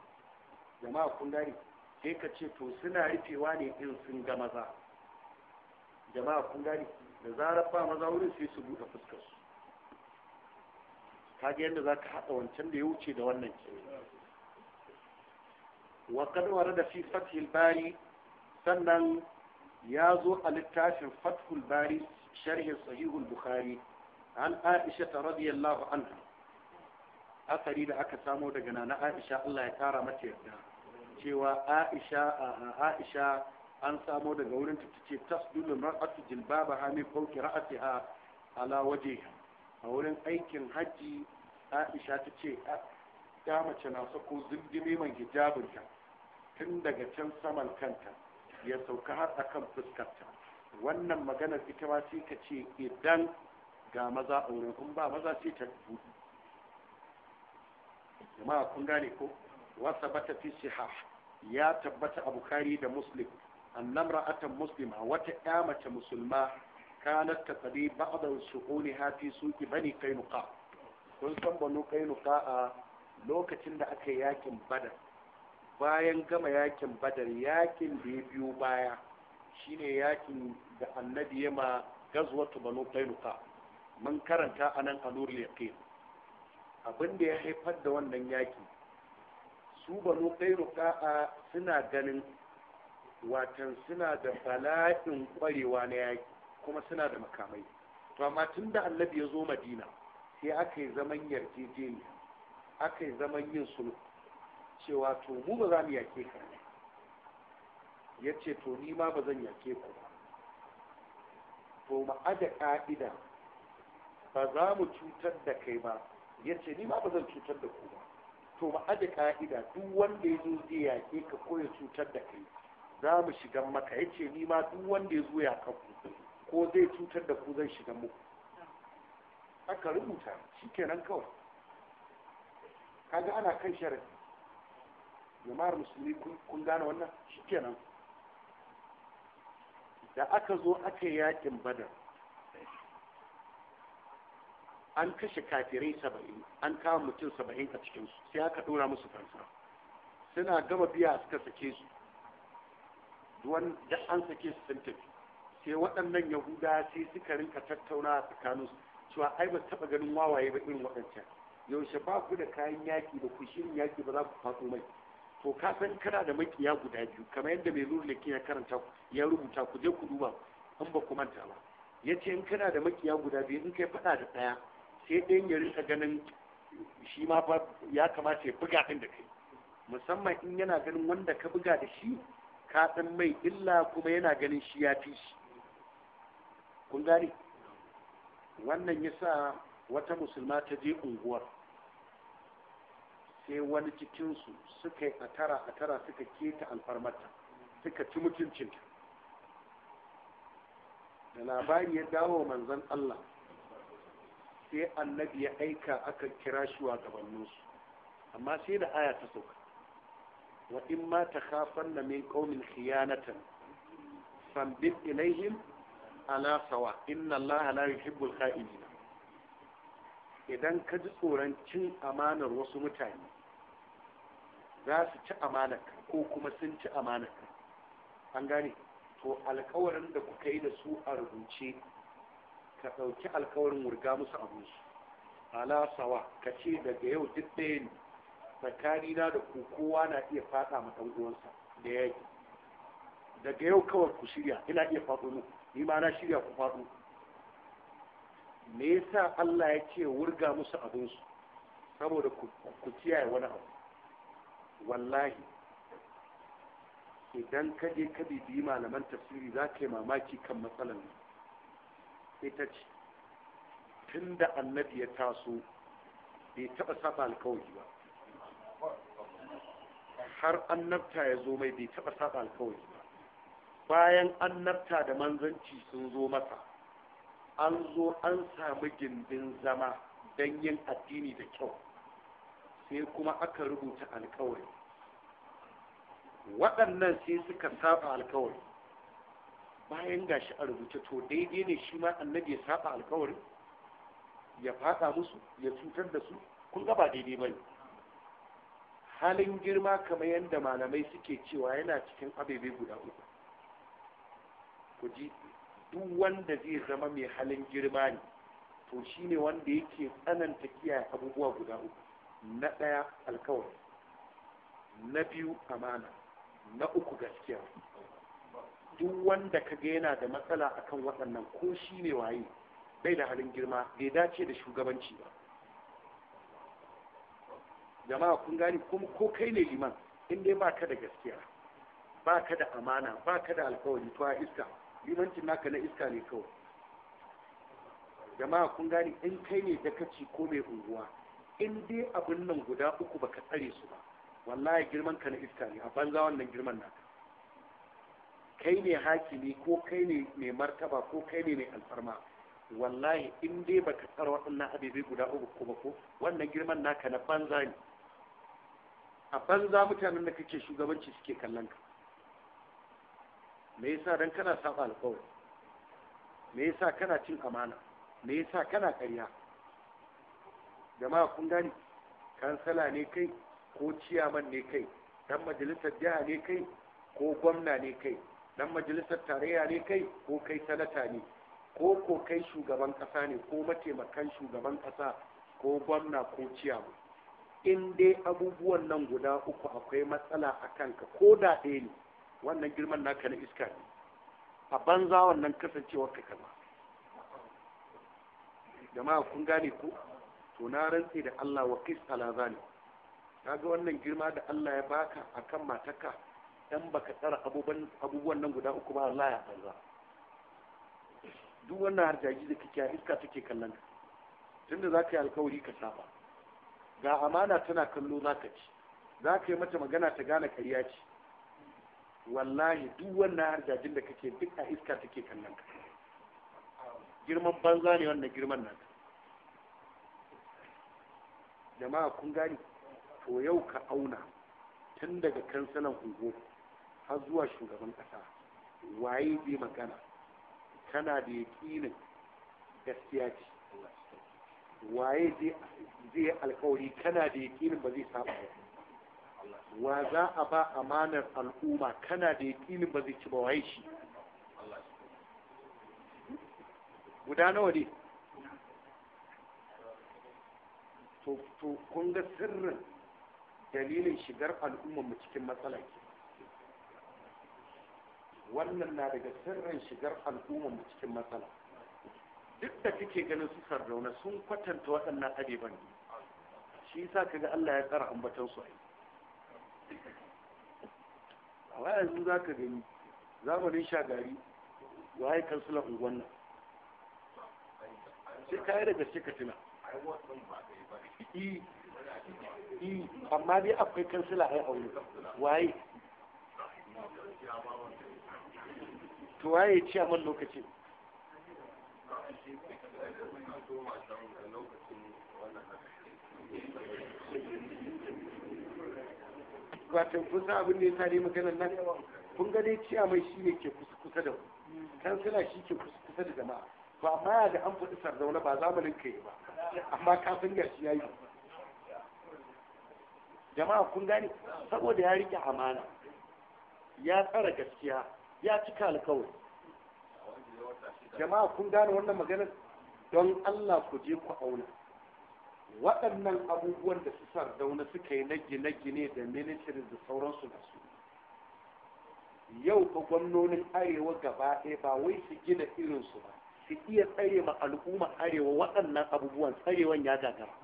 jama'a kun gane sai ka ce to suna rufewa ne in sun ga maza jama'a kun gane da zarar ba maza wurin sai su buɗe fuskar su kaga yadda za ka haɗa wancan da ya wuce da wannan ke wa kad warada fi fathil bari sannan ya zo a littafin fathul bari sharhin sahihul bukhari an aisha ta radiyallahu anha asari da aka samo daga nana aisha Allah ya kara mata yarda cewa aisha aisha an samo daga wurin ta tace tasdulu mar'atu jilbabaha min fawqi ra'atiha ala wajhiha a wurin aikin hajji aisha ta ce ta mace na sako zindimi mai hijabinta tun daga can saman kanta ya sauka har akan fuskarta wannan maganar ita ma ka ce idan ga maza a wurin kun ba maza ce ta buɗe jama'a kun gane ko wasa bata fi sihah ya tabbata a bukari da muslim annamra Muslim muslima wata ya mace musulma kanat ta tsari ba'dan su'uni hafi suki bani kainuka kun san banu nuka a lokacin da aka yakin badar bayan gama yakin badar yakin da ya biyo baya shine yakin da annabi ya ma gazwatu banu nuka mun karanta a nan a nurul yaqin abin da ya haifar da wannan yaƙi su banu a suna ganin watan suna da bala'in kwarewa na yaƙi kuma suna da makamai to amma tun da allabi ya zo madina sai aka yi zaman yarjejeniya aka yi zaman yin sulhu cewa to mu ba za mu yake ka ya ce to ni ma ba zan yake ku ba to ma'ada ƙa'ida ba za mu cutar da kai ba ya ce ni ma ba zan cutar da ku ba to ma aji ka'ida duk wanda ya zo zai yaƙe ka ko ya cutar da kai za mu shigan maka ya ce ni ma duk wanda ya zo ya kaku, ko zai cutar da ku zan shiga muku aka rubuta shi kenan kawai kaga ana kan shari'a jama'ar musulmi kun gane wannan shi kenan da aka zo aka yi yaƙin badar an kashe kafirai saba'in an kama mutum saba'in a cikinsu sai aka ɗora musu fansa suna gama biya suka sake su duwan da an sake su sun tafi sai waɗannan yahuda sai suka rinka tattauna a tsakaninsu cewa ai ba taɓa ganin wawaye ba irin waɗancan yaushe ba ku da kayan yaƙi da ku shirin yaƙi ba za ku faɗo mai to ka san kana da makiya guda biyu kamar yadda mai lura ya karanta ya rubuta ku je ku duba in ba ku manta ba ya ce in kana da makiya guda biyu in kai faɗa da ɗaya ke ɗayan ya rika ganin shi ma fa ya kamata ya buga ɗin da kai musamman in yana ganin wanda ka buga da shi ka ɗan mai illa kuma yana ganin shi ya fi shi kun gane wannan ya sa wata musulma ta je unguwar sai wani cikinsu suka yi atara atara suka keta ta, suka ci mutuncinta da labari ya dawo manzon Allah sai annabi ya aika aka kira shi wa gabaninsu amma sai da aya ta sauka wa in ma ta kafan na min ƙaunin khiyanatan Sambin ilaihim ala sawa inna Allah la yuhibbul kha'inina idan ka ji tsoron cin amanar wasu mutane za su ci amanar ko kuma sun ci amanar an gane to alkawarin da kuka yi da su a rubuce ka ɗauki alkawarin wurga musu abinsu ala sawa ka ce daga yau duk ɗaya ne tsakanina da ku kowa na iya faɗa ma ɗan uwansa da ya yi daga yau kawai ku shirya ina iya faɗo mu ni ma na shirya ku faɗo me yasa Allah ya ce wurga musu abinsu saboda ku kiyaye wani abu wallahi idan ka je ka bibi malaman tafsiri za ka yi mamaki kan matsalar nan ita ce tun da annabi ya taso bai taɓa saba alkawari ba har annabta ya zo mai bai taɓa saba alkawari ba bayan annabta da manzanci sun zo masa an zo an sami gindin zama don yin addini da kyau sai kuma aka rubuta alkawari waɗannan sai suka saba alkawari bayan gashi a rubuce to daidai ne shi ma annabi ya saba alkawari ya fada musu ya cutar da su kun ga ba daidai bane halin girma kamar yadda malamai suke cewa yana cikin abebe guda uku ku ji duk wanda zai zama mai halin girma ne to shi ne wanda yake tsananta kiyaye abubuwa guda uku na ɗaya alkawari na biyu amana na uku gaskiya duk wanda ka ga yana da matsala akan waɗannan ko shi ne waye bai da halin girma bai dace da shugabanci ba jama'a kun gani kuma ko kai ne liman in dai baka da gaskiya baka da amana baka da alkawari to a iska limancin naka na iska ne kawai jama'a kun gani in kai ne kaci ko mai unguwa in dai abin nan guda uku baka tsare su ba wallahi girman ka na iska ne a banza wannan girman naka kai ne hakimi ko kai ne mai martaba ko kai ne mai alfarma wallahi in dai baka tsara waɗannan abubuwa guda uku ba, ko wannan girman naka na banza ne a banza mutanen da kake shugabanci suke kallon ka me yasa dan kana saba alƙawari me yasa kana cin amana me yasa kana ƙarya jama'a kun gani kansala ne kai ko ciyaman ne kai dan majalisar jiha ne kai ko gwamna ne kai dan majalisar tarayya ne kai ko kai sanata ne ko ko kai shugaban kasa ne ko mataimakan shugaban kasa ko gwamna ko ciyama in dai abubuwan nan guda uku akwai matsala a kanka ko da ɗaya ne wannan girman naka na iska ne a banza wannan kasancewar ka kama. jama'a kun gane ku to na rantse da Allah wa kis ala kaga wannan girma da Allah ya baka akan matarka dan baka tsara abubuwan nan guda uku ba Allah ya banza duk wannan harjaji da kake iska take kallon ka tunda za ka yi alkawari ka saba ga amana tana kallo za ka ci za ka yi mata magana ta gane kariya ce wallahi duk wannan harjajin da kake duk a iska take kallon ka girman banza ne wannan girman nan jama'a kun gani to yau ka auna tun daga kansalan unguwa har zuwa shugaban kasa, waye zai magana kana da yaƙinin gaskiya ce waye zai yi alkawari kana da yaƙinin ba zai saba ba wa za a ba amanar al'umma kana da yaƙinin ba zai ci ba waye shi guda nawa ne to kun ga sirrin dalilin shigar al'umma mu cikin matsala ke wannan na daga sirrin shigar al'ummar mu cikin matsala duk da kike ganin su sarrauna sun kwatanta waɗannan adeban shi yasa kaga Allah ya tsara ambaton su ai a yanzu za ka gani zamanin shagari waye kansulan unguwan nan sai ka yi daga gaske ka tuna amma dai akwai kansila ai aure waye to waye ci a man lokacin wato kun san abin da ya tare maganar nan kun ga dai ciya mai shi ne ke kusa da kan suna shi ke kusa da jama'a ba amma ya da an faɗi sardauna ba zamanin kai ba amma kafin ya shi yi. jama'a kun gane saboda ya rike amana ya tsara gaskiya ya cika alkawari jama'a kun gane wannan magana don Allah ku je ku auna waɗannan abubuwan da su sardauna suka yi na gine-gine da ministry da sauransu da su yau ga gwamnonin arewa gaba ɗaya ba wai su gina irinsu ba su iya tsare ma al'umma arewa waɗannan abubuwan tsarewan ya gagara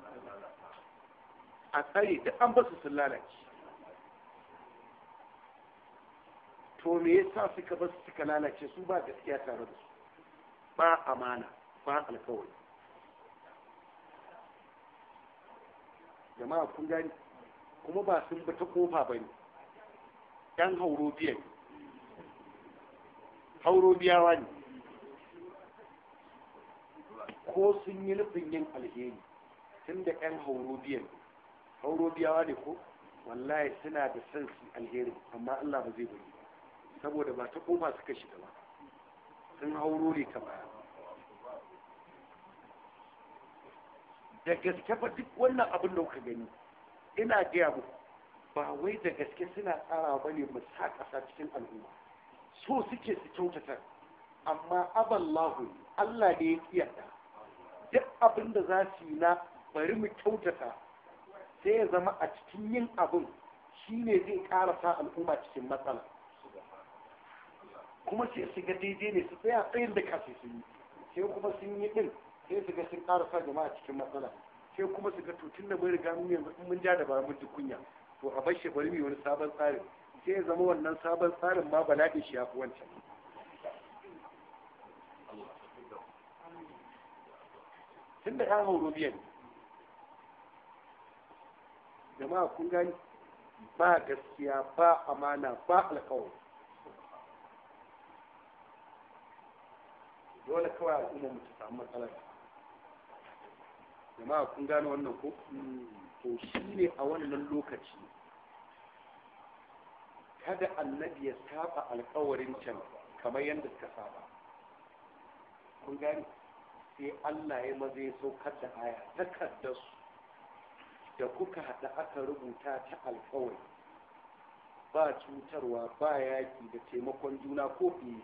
a tsare da an basu sun lalace to me yasa suka ba su suka lalace su ba gaskiya tare da su ba amana ba alkawari jama'a kun gani kuma ba sun bi ta kofa ba ne ɗan hauro biya ne hauro biyawa ne ko sun yi nufin yin alheri tun da ɗan hauro biya ne hauro biyawa ne ko wallahi suna da son su alheri amma allah ba zai bari saboda ba ta kofa suka shiga ba sun hauro ne ta baya da gaske ba duk wannan abin da kuka gani ina gaya muku. ba wai da gaske suna tsara ba ne mu sa cikin al'umma so suke su kyautata amma aballahu Allah ne ya kiyata duk abin da za su yi na bari mu kyautata sai ya zama a cikin yin abin shi ne zai ƙara sa al'umma cikin matsala kuma sai su ga daidai ne su tsaya tsayin da kasu sun yi sai kuma sun yi din sai su ga sun karasa jama'a cikin matsala sai kuma su ga to tun da mun riga mun yanzu mun ja da ba mun ji kunya to a bashe bari mu wani sabon tsarin sai ya zama wannan sabon tsarin ma da shi ya fi wancan tun da ya hauro biyan jama'a kun gani ba gaskiya ba amana ba alkawari dole kawai al'umma mu ta samu matsala jama'a kun gane wannan ko to ne a wannan lokaci kada annabi ya saba alkawarin can kamar yadda suka saba kun gane sai Allah ya maza ya saukar da aya takardar su da kuka haɗa aka rubuta ta alkawari ba cutarwa ba yaƙi da taimakon juna ko fiye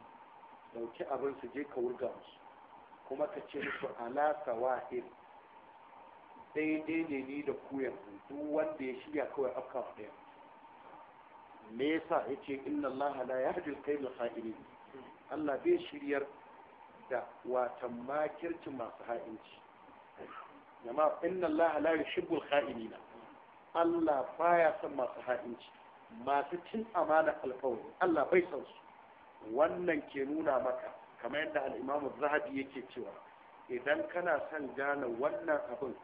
dauki abin su je ka wurga musu kuma ka ce musu ala sawahil daidai ne ni da ku yanzu duk wanda ya shirya kawai afka su ɗaya me yasa ce inna Allah la yahdil al-kayl al Allah bai shiryar da watan makircin masu ha'inci jama'a inna Allah la yuhibbu al-kha'ilina Allah baya son masu ha'inci masu cin amana alkawari Allah bai san su wannan ke nuna maka kamar yadda al'imamu zahabi yake cewa idan kana son gane wannan abin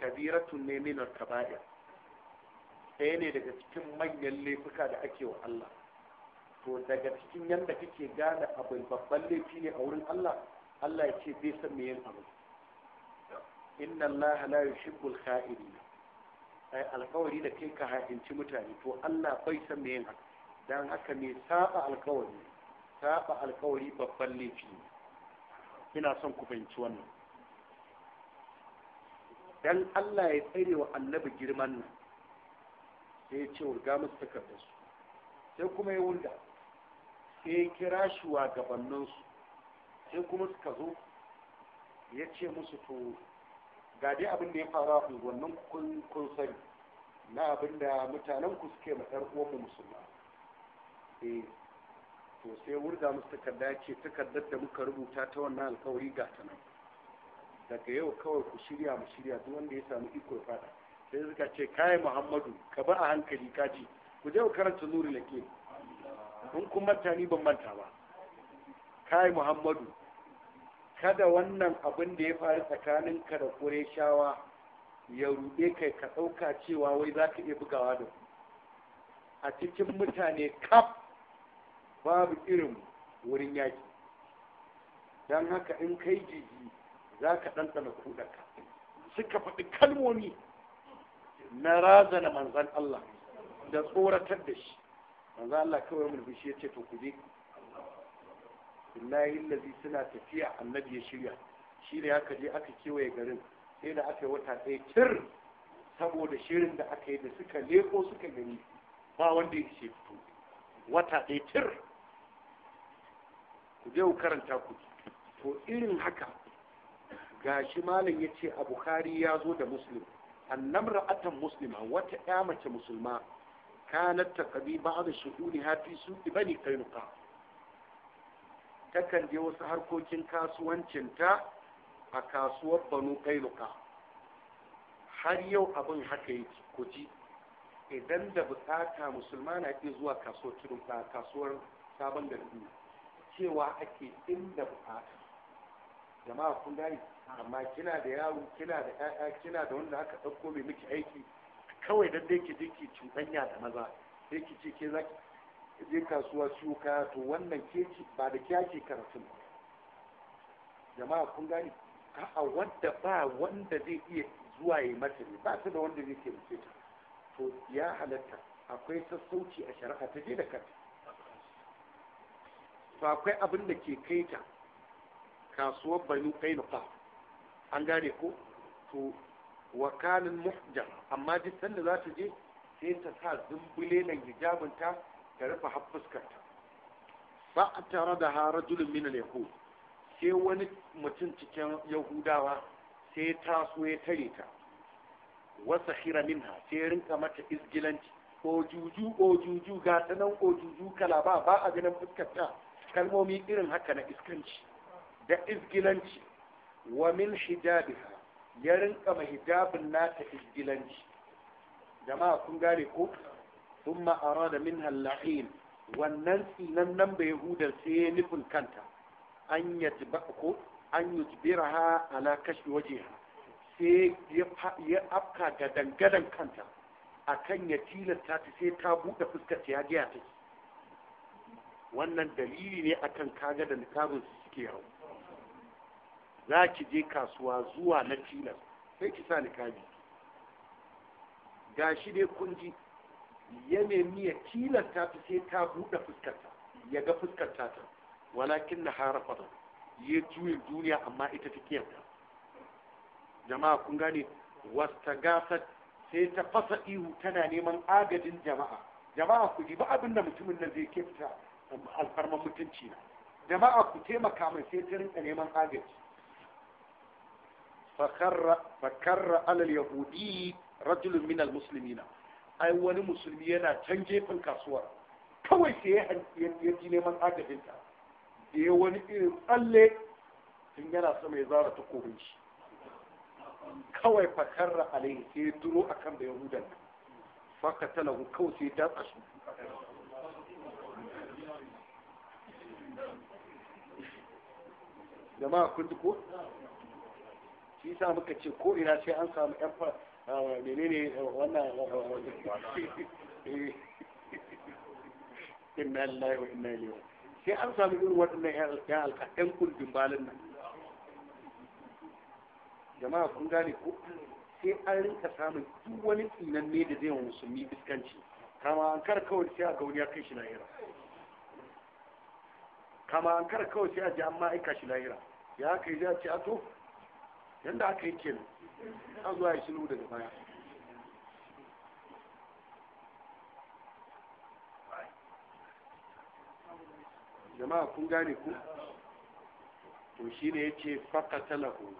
kabiratun ne minar kaba'ir ɗaya ne daga cikin manyan laifuka da ake wa Allah to daga cikin yadda kake gane abin babban laifi ne a wurin Allah Allah ya ce bai san me yin abin inna Allah la yuhibbul kha'ilin ai alkawari da kai ka ha'inci mutane to Allah bai san me yin haka dan haka me saba alkawari saba alkawari babban laifi ina son ku fahimci wannan dan Allah ya tsare wa annabi girman nan sai ya ce wurga musu takardar su sai kuma ya wurga sai ya kira shi wa gabanin su sai kuma suka zo ya ce musu to ga dai abin da ya faru a unguwannin kun sani na abin da mutanen ku suke ma ɗan uwanmu musulma eh, to sai wurga musu takarda ce takardar da muka rubuta ta wannan alkawari ga ta daga yau kawai ku shirya mu shirya duk wanda ya samu iko fada sai suka ce kai muhammadu ka ba a hankali kaji ku je ku karanta nuri lake kun kun manta ni ban manta ba kai muhammadu kada wannan abin da ya faru tsakanin ka da shawa ya ruɗe kai ka ɗauka cewa wai zaka iya bugawa da a cikin mutane kaf babu irin wurin yaki don haka in kai jiji za ka ɗanɗana kuɗaka suka faɗi kalmomi na razana manzan Allah da tsoratar da shi manzan Allah kawai mulbishi ya ce to ku je billahi lazi suna tafiya annabi ya shirya shi ne aka je aka kewaye garin sai da aka yi wata ɗaya cir saboda shirin da aka yi da suka leko suka gani ba wanda ya ce fito wata ɗaya cir ku je ku karanta ku to irin haka gashi malam yace a bukhari ya zo da muslim annam ra'atan muslima wata ya mace musulma kanat ba da shuduni ha fi su bani kainuka takan je wasu harkokin kasuwancinta a kasuwar banu kainuka har yau abin haka yake ku ji idan da bukata musulma na iya zuwa kasuwar kasuwar sabon gari cewa ake inda bukata jama'a kun gani amma kina da yawo kina da ƴaƴa kina da wanda aka ɗauko mai miki aiki kawai dan dai ki je ki cutanya da maza sai ki ce ke zaki je kasuwa siyo kaya to wannan ke ba da ke karatun jama'a kun gani a'a wanda ba wanda zai iya zuwa ya mata ne ba su da wanda zai ke mace ta to ya halatta akwai sassauci a shari'a ta je da kanta to akwai abin da ke kai ta kasuwar banu fa an gane ko to wakanin muhjar amma duk sanda za ta je sai ta sa zumbule nan hijabinta ta rufe haffuskarta ba a tare da julin mina ne ko sai wani mutum cikin yahudawa sai taso ya tare ta wasa hira minha sai rinka mata izgilanci ojuju ojuju ga ta nan ojuju kala ba ba a ganin fuskarta kalmomi irin haka na iskanci da izgilanci wa min hijabiha ya rinka mahijabin nata izgilanci jama'a kun gane ko thumma arada min al wannan tsinan nan bai hudar sai nufin kanta an yajba ko an yujbiraha ala kashi wajhiha sai ya afka dangadan kanta akan ya tilasta ta sai ta buɗe fuskar ta ya gaya ta wannan dalili ne akan kaga da littafin su suke yawo za ki je kasuwa zuwa na tilas sai ki sa nikabi ga shi dai kun ji ya nemi ya tilasta ta sai ta buɗe fuskarta ya ga fuskarta ta walakin na hara fata ya juyin duniya amma ita ta kiyarta jama'a kun gane wasta gasar sai ta fasa ihu tana neman agajin jama'a jama'a ku ji ba abin da mutumin nan zai ke fita alfarma mutunci na jama'a ku taimaka mai sai ta rinka neman agaji fakarra alal yahudi rajulun min na. ai wani musulmi yana can gefen kasuwa kawai sai ya ji neman agajinta da ya wani irin tsalle tun yana sama ya zara takobin shi kawai fakarra alai sai ya duro akan da yahudan fakatalahu kawai sai ya datsa shi jama'a kun ji ko shi sa muka ce ko ina sai an samu yan fa menene wannan inna lillahi wa inna ilaihi sai an samu irin waɗannan yan alka yan kurdin balin nan jama'a kun gane ko sai an rinka samun duk wani tsinan ne da zai wa musulmi fuskanci kama an kar kawai sai a ga wani ya kai shi lahira kama an kar kawai sai a ji amma aika shi lahira ya haka yi ce a to yadda aka yi kenan an zuwa ya shilu daga baya jama'a kun gane ku to shi ne ya ce fakata lahu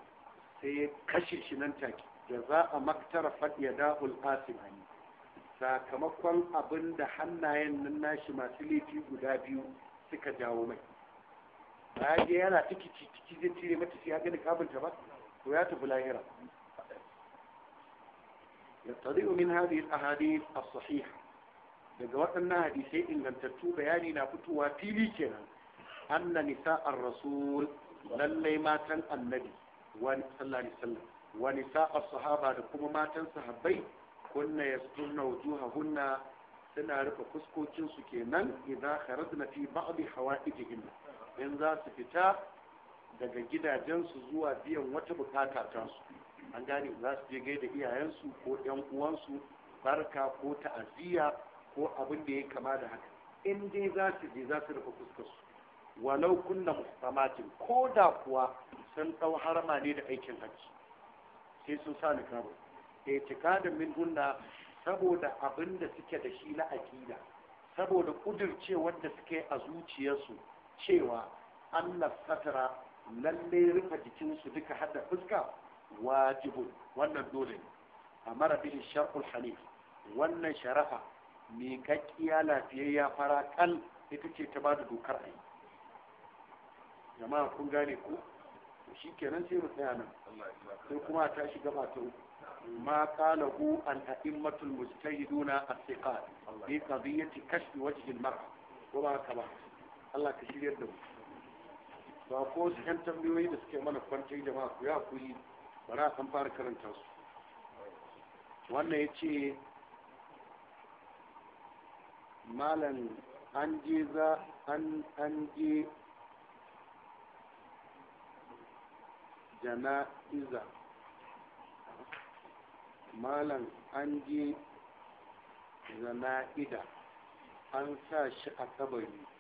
sai ya kashe shi nan take da za a maktara faɗiya da'ul asimani sakamakon abin da hannayen nan nashi masu laifi guda biyu suka jawo mai a yaje yana ciki ciki zai cire mata shi haka da kabinta ba to ya tafi lahira يطلع من هذه الأحاديث الصحيحة daga waɗannan hadisai ingantattu bayani na fitowa fili kenan anna nisa'ar rasul lallai matan annabi wani sallallahu alaihi wasallam wa nisa'ar sahaba da kuma matan sahabbai kunna yastunna wujuhahunna suna rufe fuskokin su kenan idan kharajna fi ba'd hawaijihin in za su fita daga gidajensu zuwa biyan wata bukata kansu an gane za su je gaida iyayensu ko yan uwansu barka ko ta'aziyya ko abin da ya kama da haka in dai za su je za su rufe fuskarsu walau kunna muhtamatin ko da kuwa sun dau harama ne da aikin hajji sai sun sa nikabu itikadin eh, min hunna saboda abin da suke da shi na aƙida saboda ƙudirce wanda suke a zuciyarsu cewa annas satara lalle rufe jikinsu duka hada fuska wajibun wannan dole a mara bihin shar'ul hanif wannan sharafa mai kakkiya lafiyayya fara kal ita ce ta ba da dokar a yi jama'a kun gane ku shi kenan sai mu tsaya nan sai kuma ta shiga gaba ta uku ما قاله الأئمة المجتهدون الثقات في قضية mara, ko ba ka ba? Allah ka shiryar da mu ba ko su yan tambayoyi da suke mana kwanci jama'a ku ya kuri ba na san fara karanta su wannan ya ce malam an je za an an je jana'iza malam an je zana'ida an sa shi a kabari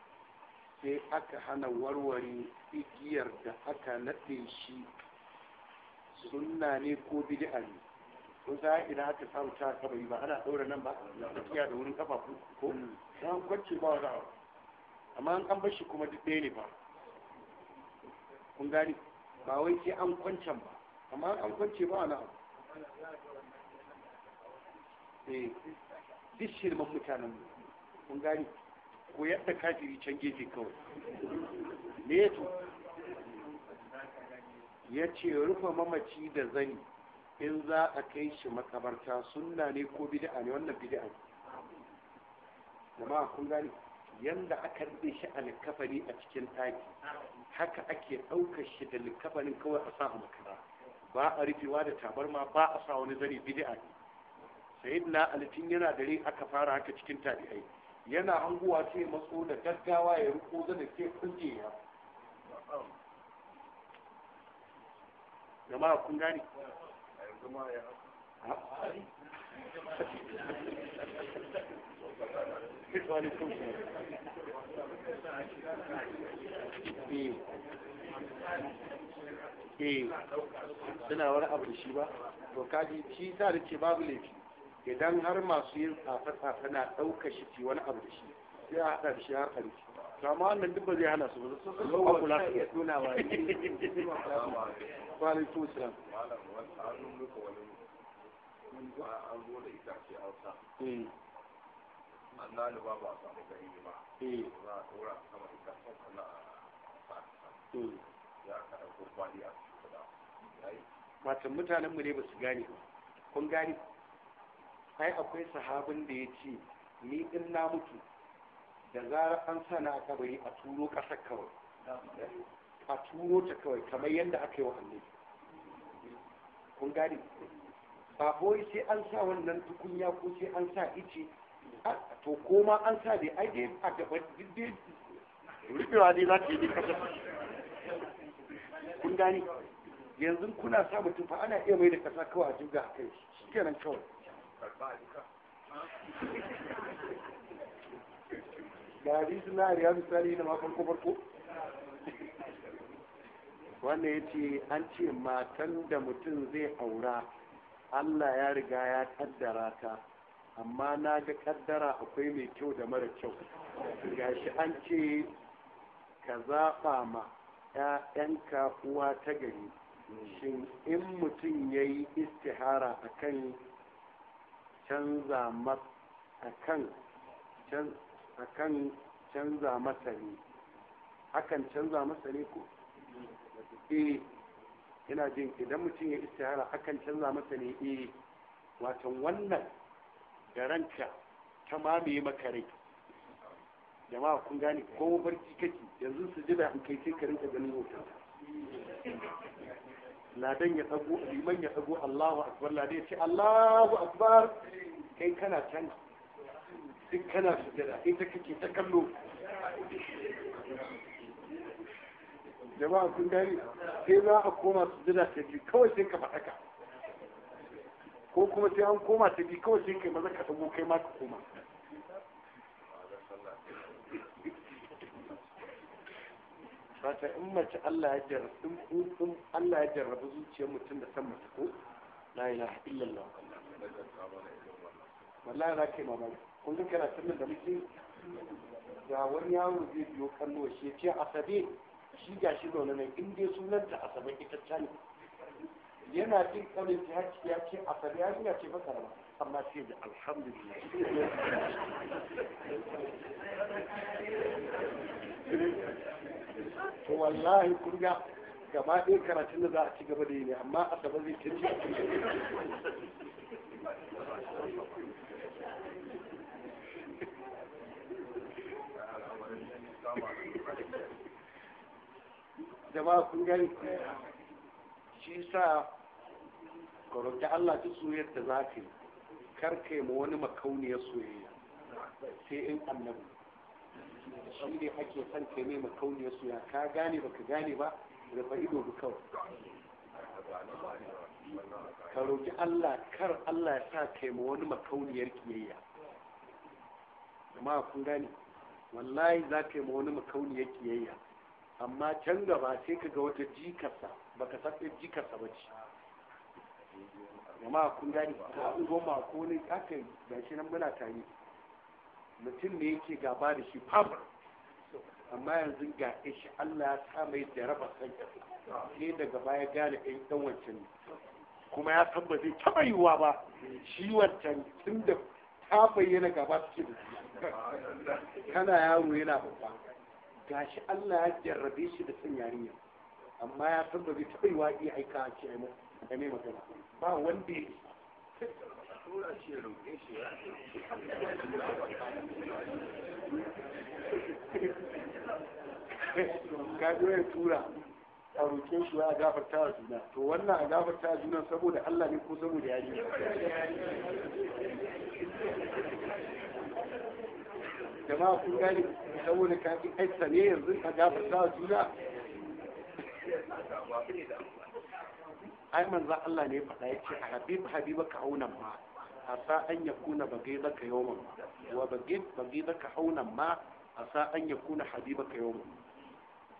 sai aka hana warware igiyar da aka naɗe shi sunna ne ko bid'a ne kun a idan aka samu ta yi ba ana ɗaura nan ba tsakiya da wurin kafafu ko mm. an kwance ba wata abu amma an an bashi kuma duk ɗaya ne ba kun gani ba wai sai an kwancan ba amma an kwance ba wa abu eh duk shirman mutanen mu kun gani ko yadda kafiri can gefe kawai me ya ya ce rufe mamaci da zani in za a kai shi makabarta suna ne ko bid'a ne wannan bid'a ne jama'a kun gani yanda aka rufe shi a likafani a cikin taki haka ake ɗaukar shi da likafanin kawai a sa makara ba a rufewa da tabarma ba a sa wani zani bid'a ne na alifin yana dare aka fara haka cikin tabi'ai yana hanguwa ce matso da gaggawa ya ruko zan da ke kunje ya a kun gani eh, eh, suna wani abu da shi ba to kaji shi sa da ce babu laifi idan har masu yin tsafe na ɗauka shi ci wani abu da shi sai a haɗa shi har ƙarfi to amma wannan duk ba zai hana su ba su kula su ya tona wa ba alaikum eh. ba a samu ba eh. eh. ne ba su gane ba kun gane ai akwai sahabin da ya ce ni in na mutu da zarar an sana a kabari a turo ƙasar kawai a turo ta kawai kamar yadda aka yi wa annabi kun gani ba boye sai an sa wannan tukunya ko sai an sa ice to koma an sa dai ai dai a gaba dai rufewa dai za ta yi kasa kun gani yanzu kuna sa mutum fa ana iya mai da kasa kawai a jirgin a kai shi kenan kawai ga hadisin na riyadu sali na kubarku wanda ya ce an ce matan da mutum zai aura allah ya riga ya kaddara ta amma na ga kaddara akwai mai kyau da mara kyau gashi an ce ka zaɓa ma 'ya'yanka uwa ta gari shin in mutum ya yi istihara a kan canza masa akan canza masa ne akan canza masa ne ko eh ina jin idan mutum ya istihara hakan canza masa ne eh watan wannan da ranka ta mamaye maka rai jama'a kun gane ko mafarki kake yanzu su ji da an kai sai ka rinka ganin hoton ladan ya tsago liman ya tsago Allahu akbar ladan ya ce Allahu akbar kai kana can duk kana sujada ita kake ta kallo jama'a kun gani sai za a koma sujada ta biyu kawai sai ka faɗaka ko kuma sai an koma ta biyu kawai sai kai maza ka tsago kai ma ka koma fata in mace Allah ya jarrabu in Allah ya jarrabu zuciyar mutum da san mace ko la ilaha illallah wallahi za ka yi mamaki kun ga karatun sannan da muke ga wani yaro zai biyo kallo shi ce asabe shi ga shi zaune ne in dai sunanta asabe ita ta ne yana jin kalin ta haƙi ya ce asabe ya zuwa ce masa ba amma sai da alhamdulillah to wallahi kurga gaba ɗaya karatun da za a ci gaba da yi ne amma saba zai ci jama'a kun gani shi sa ka Allah ta soyayyar da za ka yi kar kai ma wani makauniyar soyayya sai in annabi shi ne ake son ma mai makauniyar ya ka gane ba ka gane ba da ba ido ku kawai ka roƙi Allah kar Allah ya sa kai ma wani makauniyar kiyayya amma kun gane wallahi za ka yi ma wani makauniyar kiyayya amma can gaba sai ka ga wata jikarsa baka ka ɗin jikarsa ba ce amma kun gane ta ungo ma ko ne aka shi nan muna tare mutum ne yake gaba da shi fabar amma yanzu ga ishi Allah ya sa mai da raba san sai daga baya gane ɗan ɗan wancan kuma ya san ba zai taɓa yiwuwa ba shi wancan tun da ta bayyana gaba suke da kana yaro yana babba gashi Allah ya jarrabe shi da san yarinya amma ya san ba zai taɓa yiwuwa iya aika ce ai mai magana ba wanda ya ka zo ya tura a roƙe shi ya gafarta wa juna to wannan a gafarta wa juna saboda Allah ne ko saboda yari jama'a kun gani saboda ka fi aista ne yanzu ka gafarta wa juna ai manzan Allah ne faɗa ya ce a Habibu Habibu ka auna ma asa an yakuna bagidaka yawman wa bagid bagidaka haunan ma asa an yakuna habibaka yawman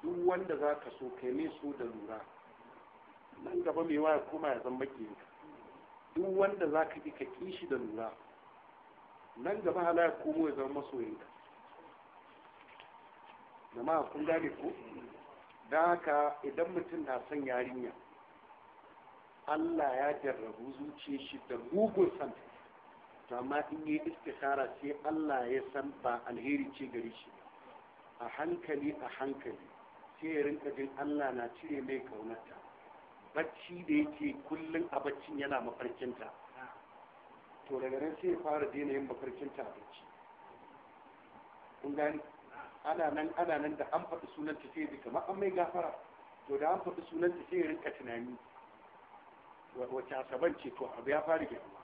duk wanda za ka so kai ne so da lura nan gaba mai waya kuma ya zama ke duk wanda za ka ka kishi da lura nan gaba hala ya komo ya zama masoyinka jama'a kun gane ko da haka idan mutum na son yarinya Allah ya jarrabu zuciya shi da mugun santa to amma in yi istikhara sai Allah ya san ba alheri ce gare shi a hankali a hankali sai ya rinka jin Allah na cire mai kaunarta bacci da yake kullum a baccin yana mafarkinta to daga nan sai ya fara daina yin mafarkinta a bacci kun gani ana nan ana nan da an faɗi sunanta sai ya kamar an mai gafara to da an faɗi sunanta sai ya rinka tunani wacce asaban ce to abu ya fara girma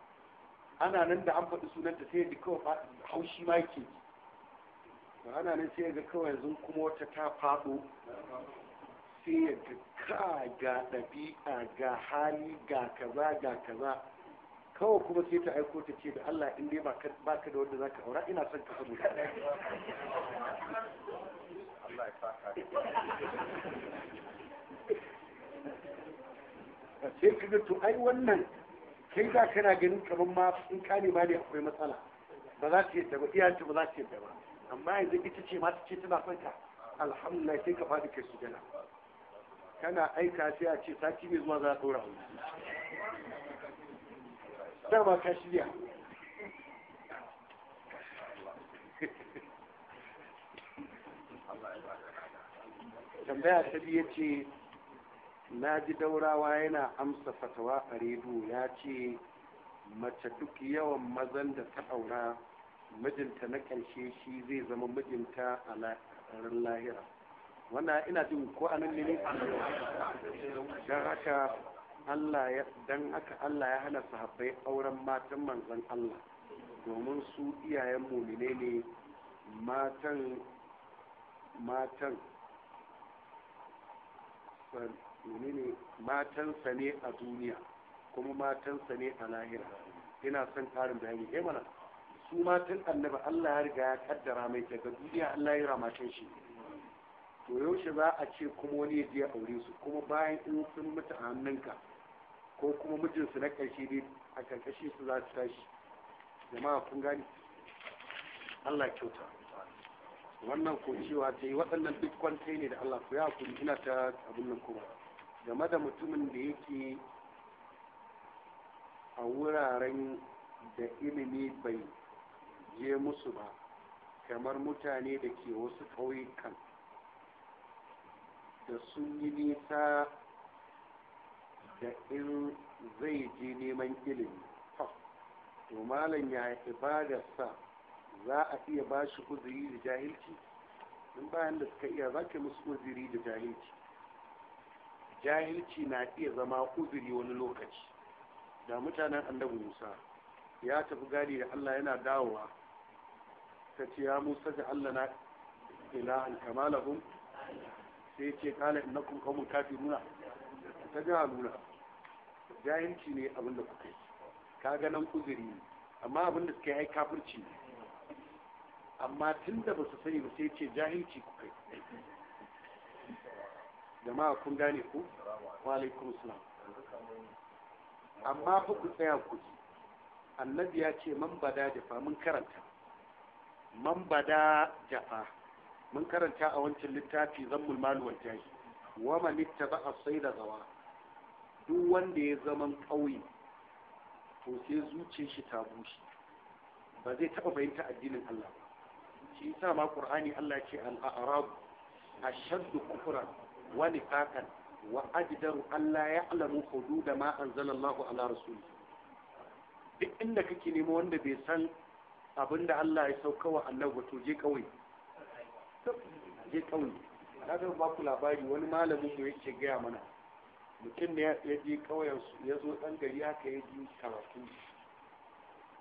ana nan da an faɗi sunanta sai yadda kawai haushi ma yake ana nan sai ga kawai yanzu kuma wata ta faɗo sai ya ka ga ɗabi'a ga hali ga kaza ga kaza kawai kuma sai ta aiko ta ce da Allah in dai ba ka da wanda za ka aura ina son ka saboda sai ka ga to ai wannan kai da kana ganin kaman ma in ka nema ne akwai matsala ba za ta yadda ba iyayenta ba za ta yadda ba amma yanzu ita ce ma ta ce tana son ka alhamdulillah sai ka fadi kai sujada kana aika sai a ce sati mai zuwa za a ɗora wani dama ka shirya tambaya ta biyu ce na ji daurawa yana amsa fatawa a rediyo ya ce mace duk yawan mazan da ta aura mijinta na ƙarshe shi zai zama mijinta a ranar lahira wannan ina jin ko anan ne don haka Allah ya dan haka Allah ya hana sahabbai auren matan manzan Allah domin su iyayen mumine ne matan matan menene matansa ne a duniya kuma matansa ne a lahira ina son karin bayani eh mana su matan annabi Allah ya riga ya kaddara mai daga duniya Allah ya ramatan shi to yaushe za a ce kuma wani ya je aure su kuma bayan in sun mutu a hannunka ko kuma mijinsu na ƙarshe ne a karkashin su za su tashi jama'a kun gani Allah kyauta wannan ko cewa ta yi waɗannan duk kwantai ne da Allah ku ya kuri ina ta abin nan kuma game da mutumin da yake a wuraren da ilimi bai je musu ba kamar mutane da ke wasu ƙauyukan da sun yi nisa da in zai je neman ilimi to malam ya ibadarsa za a iya ba shi kuzuri da jahilci in bayan da suka iya za musu kuzuri da jahilci jahilci na iya zama uzuri wani lokaci da mutanen annabi musa ya tafi gadi da allah yana dawowa ta ce ya musa da allah na ilahan kamalahum sai ce kala innakum kafi kafiruna ta jahaluna jahilci ne abin da kuka yi ka ga nan uzuri ne amma abin da suka yi kafirci ne amma tun da ba su sani ba sai ce jahilci kuka yi jama'a kun gane ku wa alaikum salam amma fa ku tsaya ku ji annabi ya ce man bada jafa mun karanta man bada jafa mun karanta a wancan littafi zammul malu wal jahi wa man ittaba as-sayda zawa duk wanda ya zama kauye to sai zuciyar shi ta bushe ba zai taɓa fahimta addinin Allah ba shi yasa ma Qur'ani Allah ce al-a'rab ashaddu kufran ونفاقا وأجدر أن لا Allah ya alamu أنزل ma anzalallahu رسوله duk inda kake nemo wanda bai san abin da Allah ya sauka wa allah to je kawai je kawai na ga ba ku labari wani malamin mu yake gaya mana mutum ne ya je kauyen su ya zo dan gari haka ya ji karatu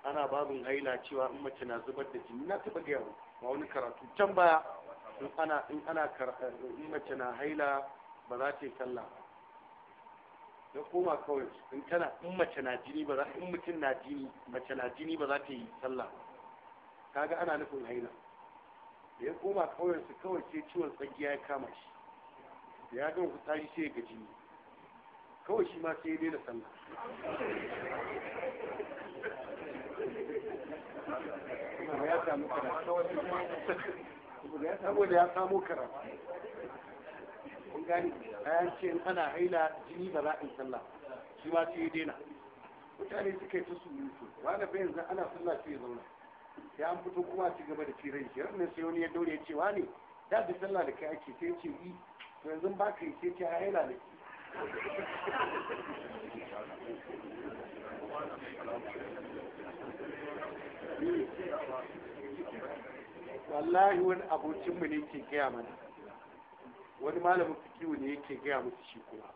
ana babin haila cewa in mace na zubar da jini na taba gaya ba wani karatu can baya in ana in ana eh, mace na haila ba za ta yi sallah ya koma kawai in tana in mace na jini ba za in mutum na jini mace na jini ba za ta yi sallah kaga ana nufin haila da ya koma kawai su kawai sai ciwon tsakiya ya kama shi da ya gama fitsari sai ga jini kawai shi ma sai ya daina sallah ya samu saboda ya samo karatu kun gani ayan ce in ana haila jini ba za sallah shi ma sai ya daina mutane suka yi ta surutu wanda bai zan ana sallah sai ya zauna sai an fito kuma ci gaba da ciran shi ranar sai wani ya daure ya ce wani da bi sallah da kai ake sai ce yi to yanzu ba ka yi sai ce haila da ke wallahi wani abokinmu ne ke gaya mana wani malamin fikihu ne yake gaya musu shi kuma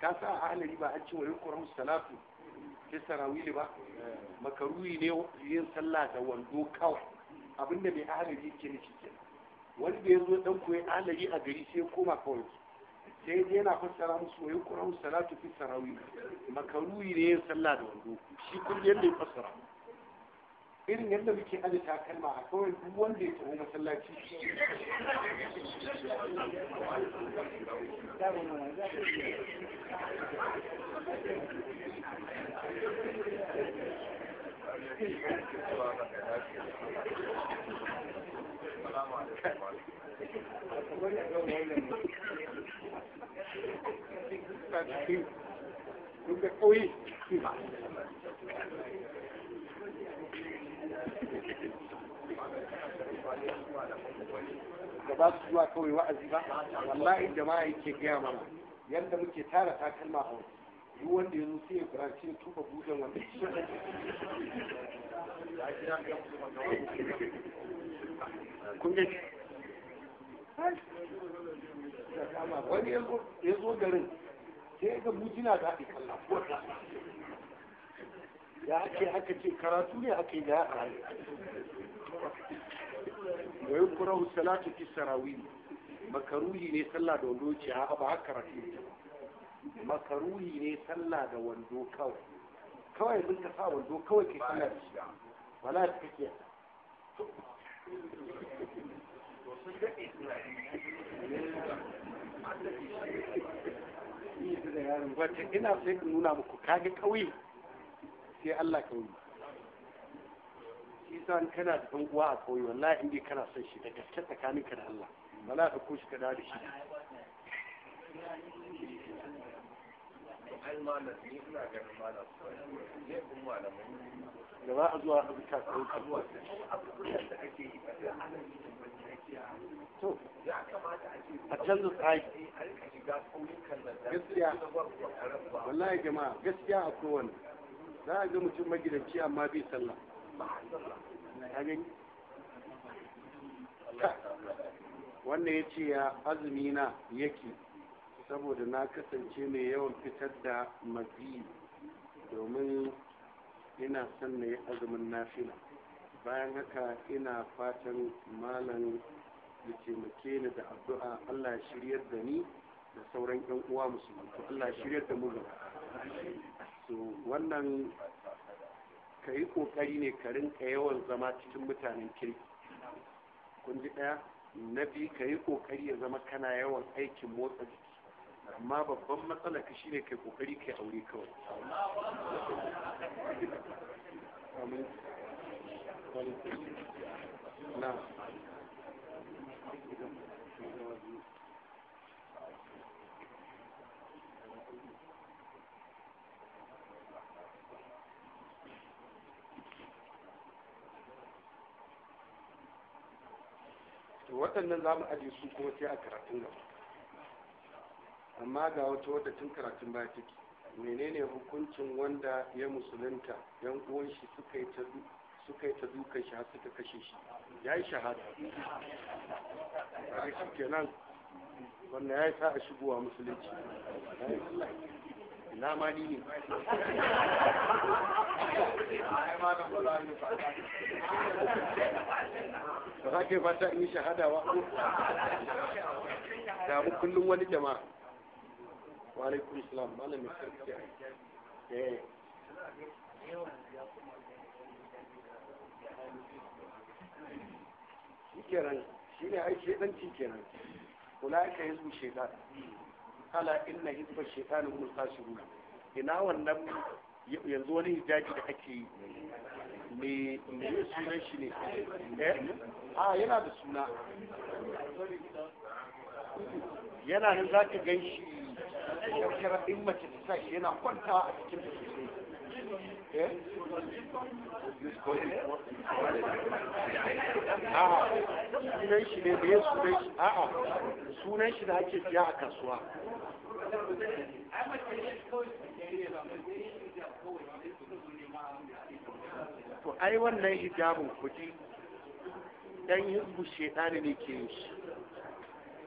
ka sa a halari ba an ci wani ƙoran salatu ta sarawili ba makaruyi ne yin sallah da wando kawai abinda mai ahalari yake ne cikin wani da ya zo dan koyi ahalari a gari sai koma kawai sai dai yana fassara musu wani ƙoran salatu fi sarawili makaruyi ne yin sallah da wando shi kullum yadda ya fassara irin yadda muke aje takalma a kawai duk wanda ya tafi masallaci Thank you. da ba su zuwa kawai wa'azi ba wallahi jama'a yake gaya mana yadda muke tara takalma a wani duk wanda ya zo sai ya kura ya tuba bujen wanda da ga wani ya zo garin sai ya ga bujina da ake kalla ya ake haka ce karatu ne da ga a wa yukrahu salatu fi sarawil makaruhi ne sallah da wando ce haka ba haka rafi makaruhi ne sallah da wando kawai kawai bin ka sa wando kawai kai sallah da shi wala ta kake wata ina sai ka nuna muku kage kauye sai Allah ka kauye isa in kana da dan uwa a kauye wallahi in dai kana son shi da gaske tsakaninka da Allah wala ka kushi ka dawo da shi da ba a zuwa rubuta sauka to a canza tsari gaskiya wallahi jama'a gaskiya a kowane za a ga mutum magidanci amma bai sallah wanda ya ce ya azumi na yake saboda na kasance mai yawan fitar da mazi domin ina son na yi azumin nafila bayan haka ina fatan malam da taimake ni da addu'a Allah ya shiryar da ni da sauran 'yan uwa musulman Allah ya shiryar da mu so wannan ka yi ƙoƙari ne ka rinka yawan zama cikin mutanen kirki kun ji ɗaya na biyu ka yi ƙoƙari ya zama kana yawan aikin motsa jiki amma babban matsala ka shine kai kokari kai aure kawai na waɗannan za mu aje su kuma sai a karatun gaba amma ga wata wadda tun karatun baya take menene hukuncin wanda ya musulunta yan uwan shi suka yi ta suka yi ta dukan shi har suka kashe shi ya yi shahada a kenan wanda ya yi sa a shigowa musulunci Na ma ni ne ba za ka yi fata in yi shahada ba da mu kullum wani jama'a wa alaikum salam malamin sarki eh shi kenan shi ne ai shedanci kenan kula ka yi su shedan ala inna hizba shaitani hum al ina wannan yanzu wani hijaji da ake yi me me sunan shi ne eh a ah, yana da suna yana nan zaka ganshi shi shafshara din mace ta sa shi yana kwanta a cikin sosai a'a sunan shi ne me sunan shi a'a sunan shi da ake siya a kasuwa to ai wannan hijabin kuɗi ɗan hizbu shedani ne ke yin shi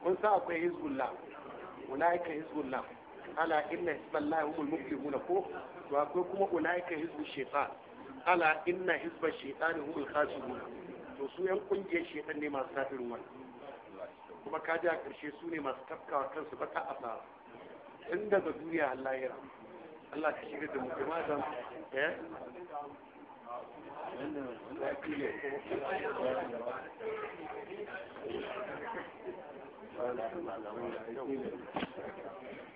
kun sa akwai hizbullah ulaika hizbullah ألا إن حزب الله هم المفلحون فوق وأقولكم أولئك حزب الشيطان ألا إن حزب الشيطان هم الخاسرون تسو ينقل جي الشيطان ما سافرون كما كاجا كرشي سوني ما ستبقى وكان سبقى أصار عند الدنيا الله يرى الله كشير الدموكيمات ها Thank you.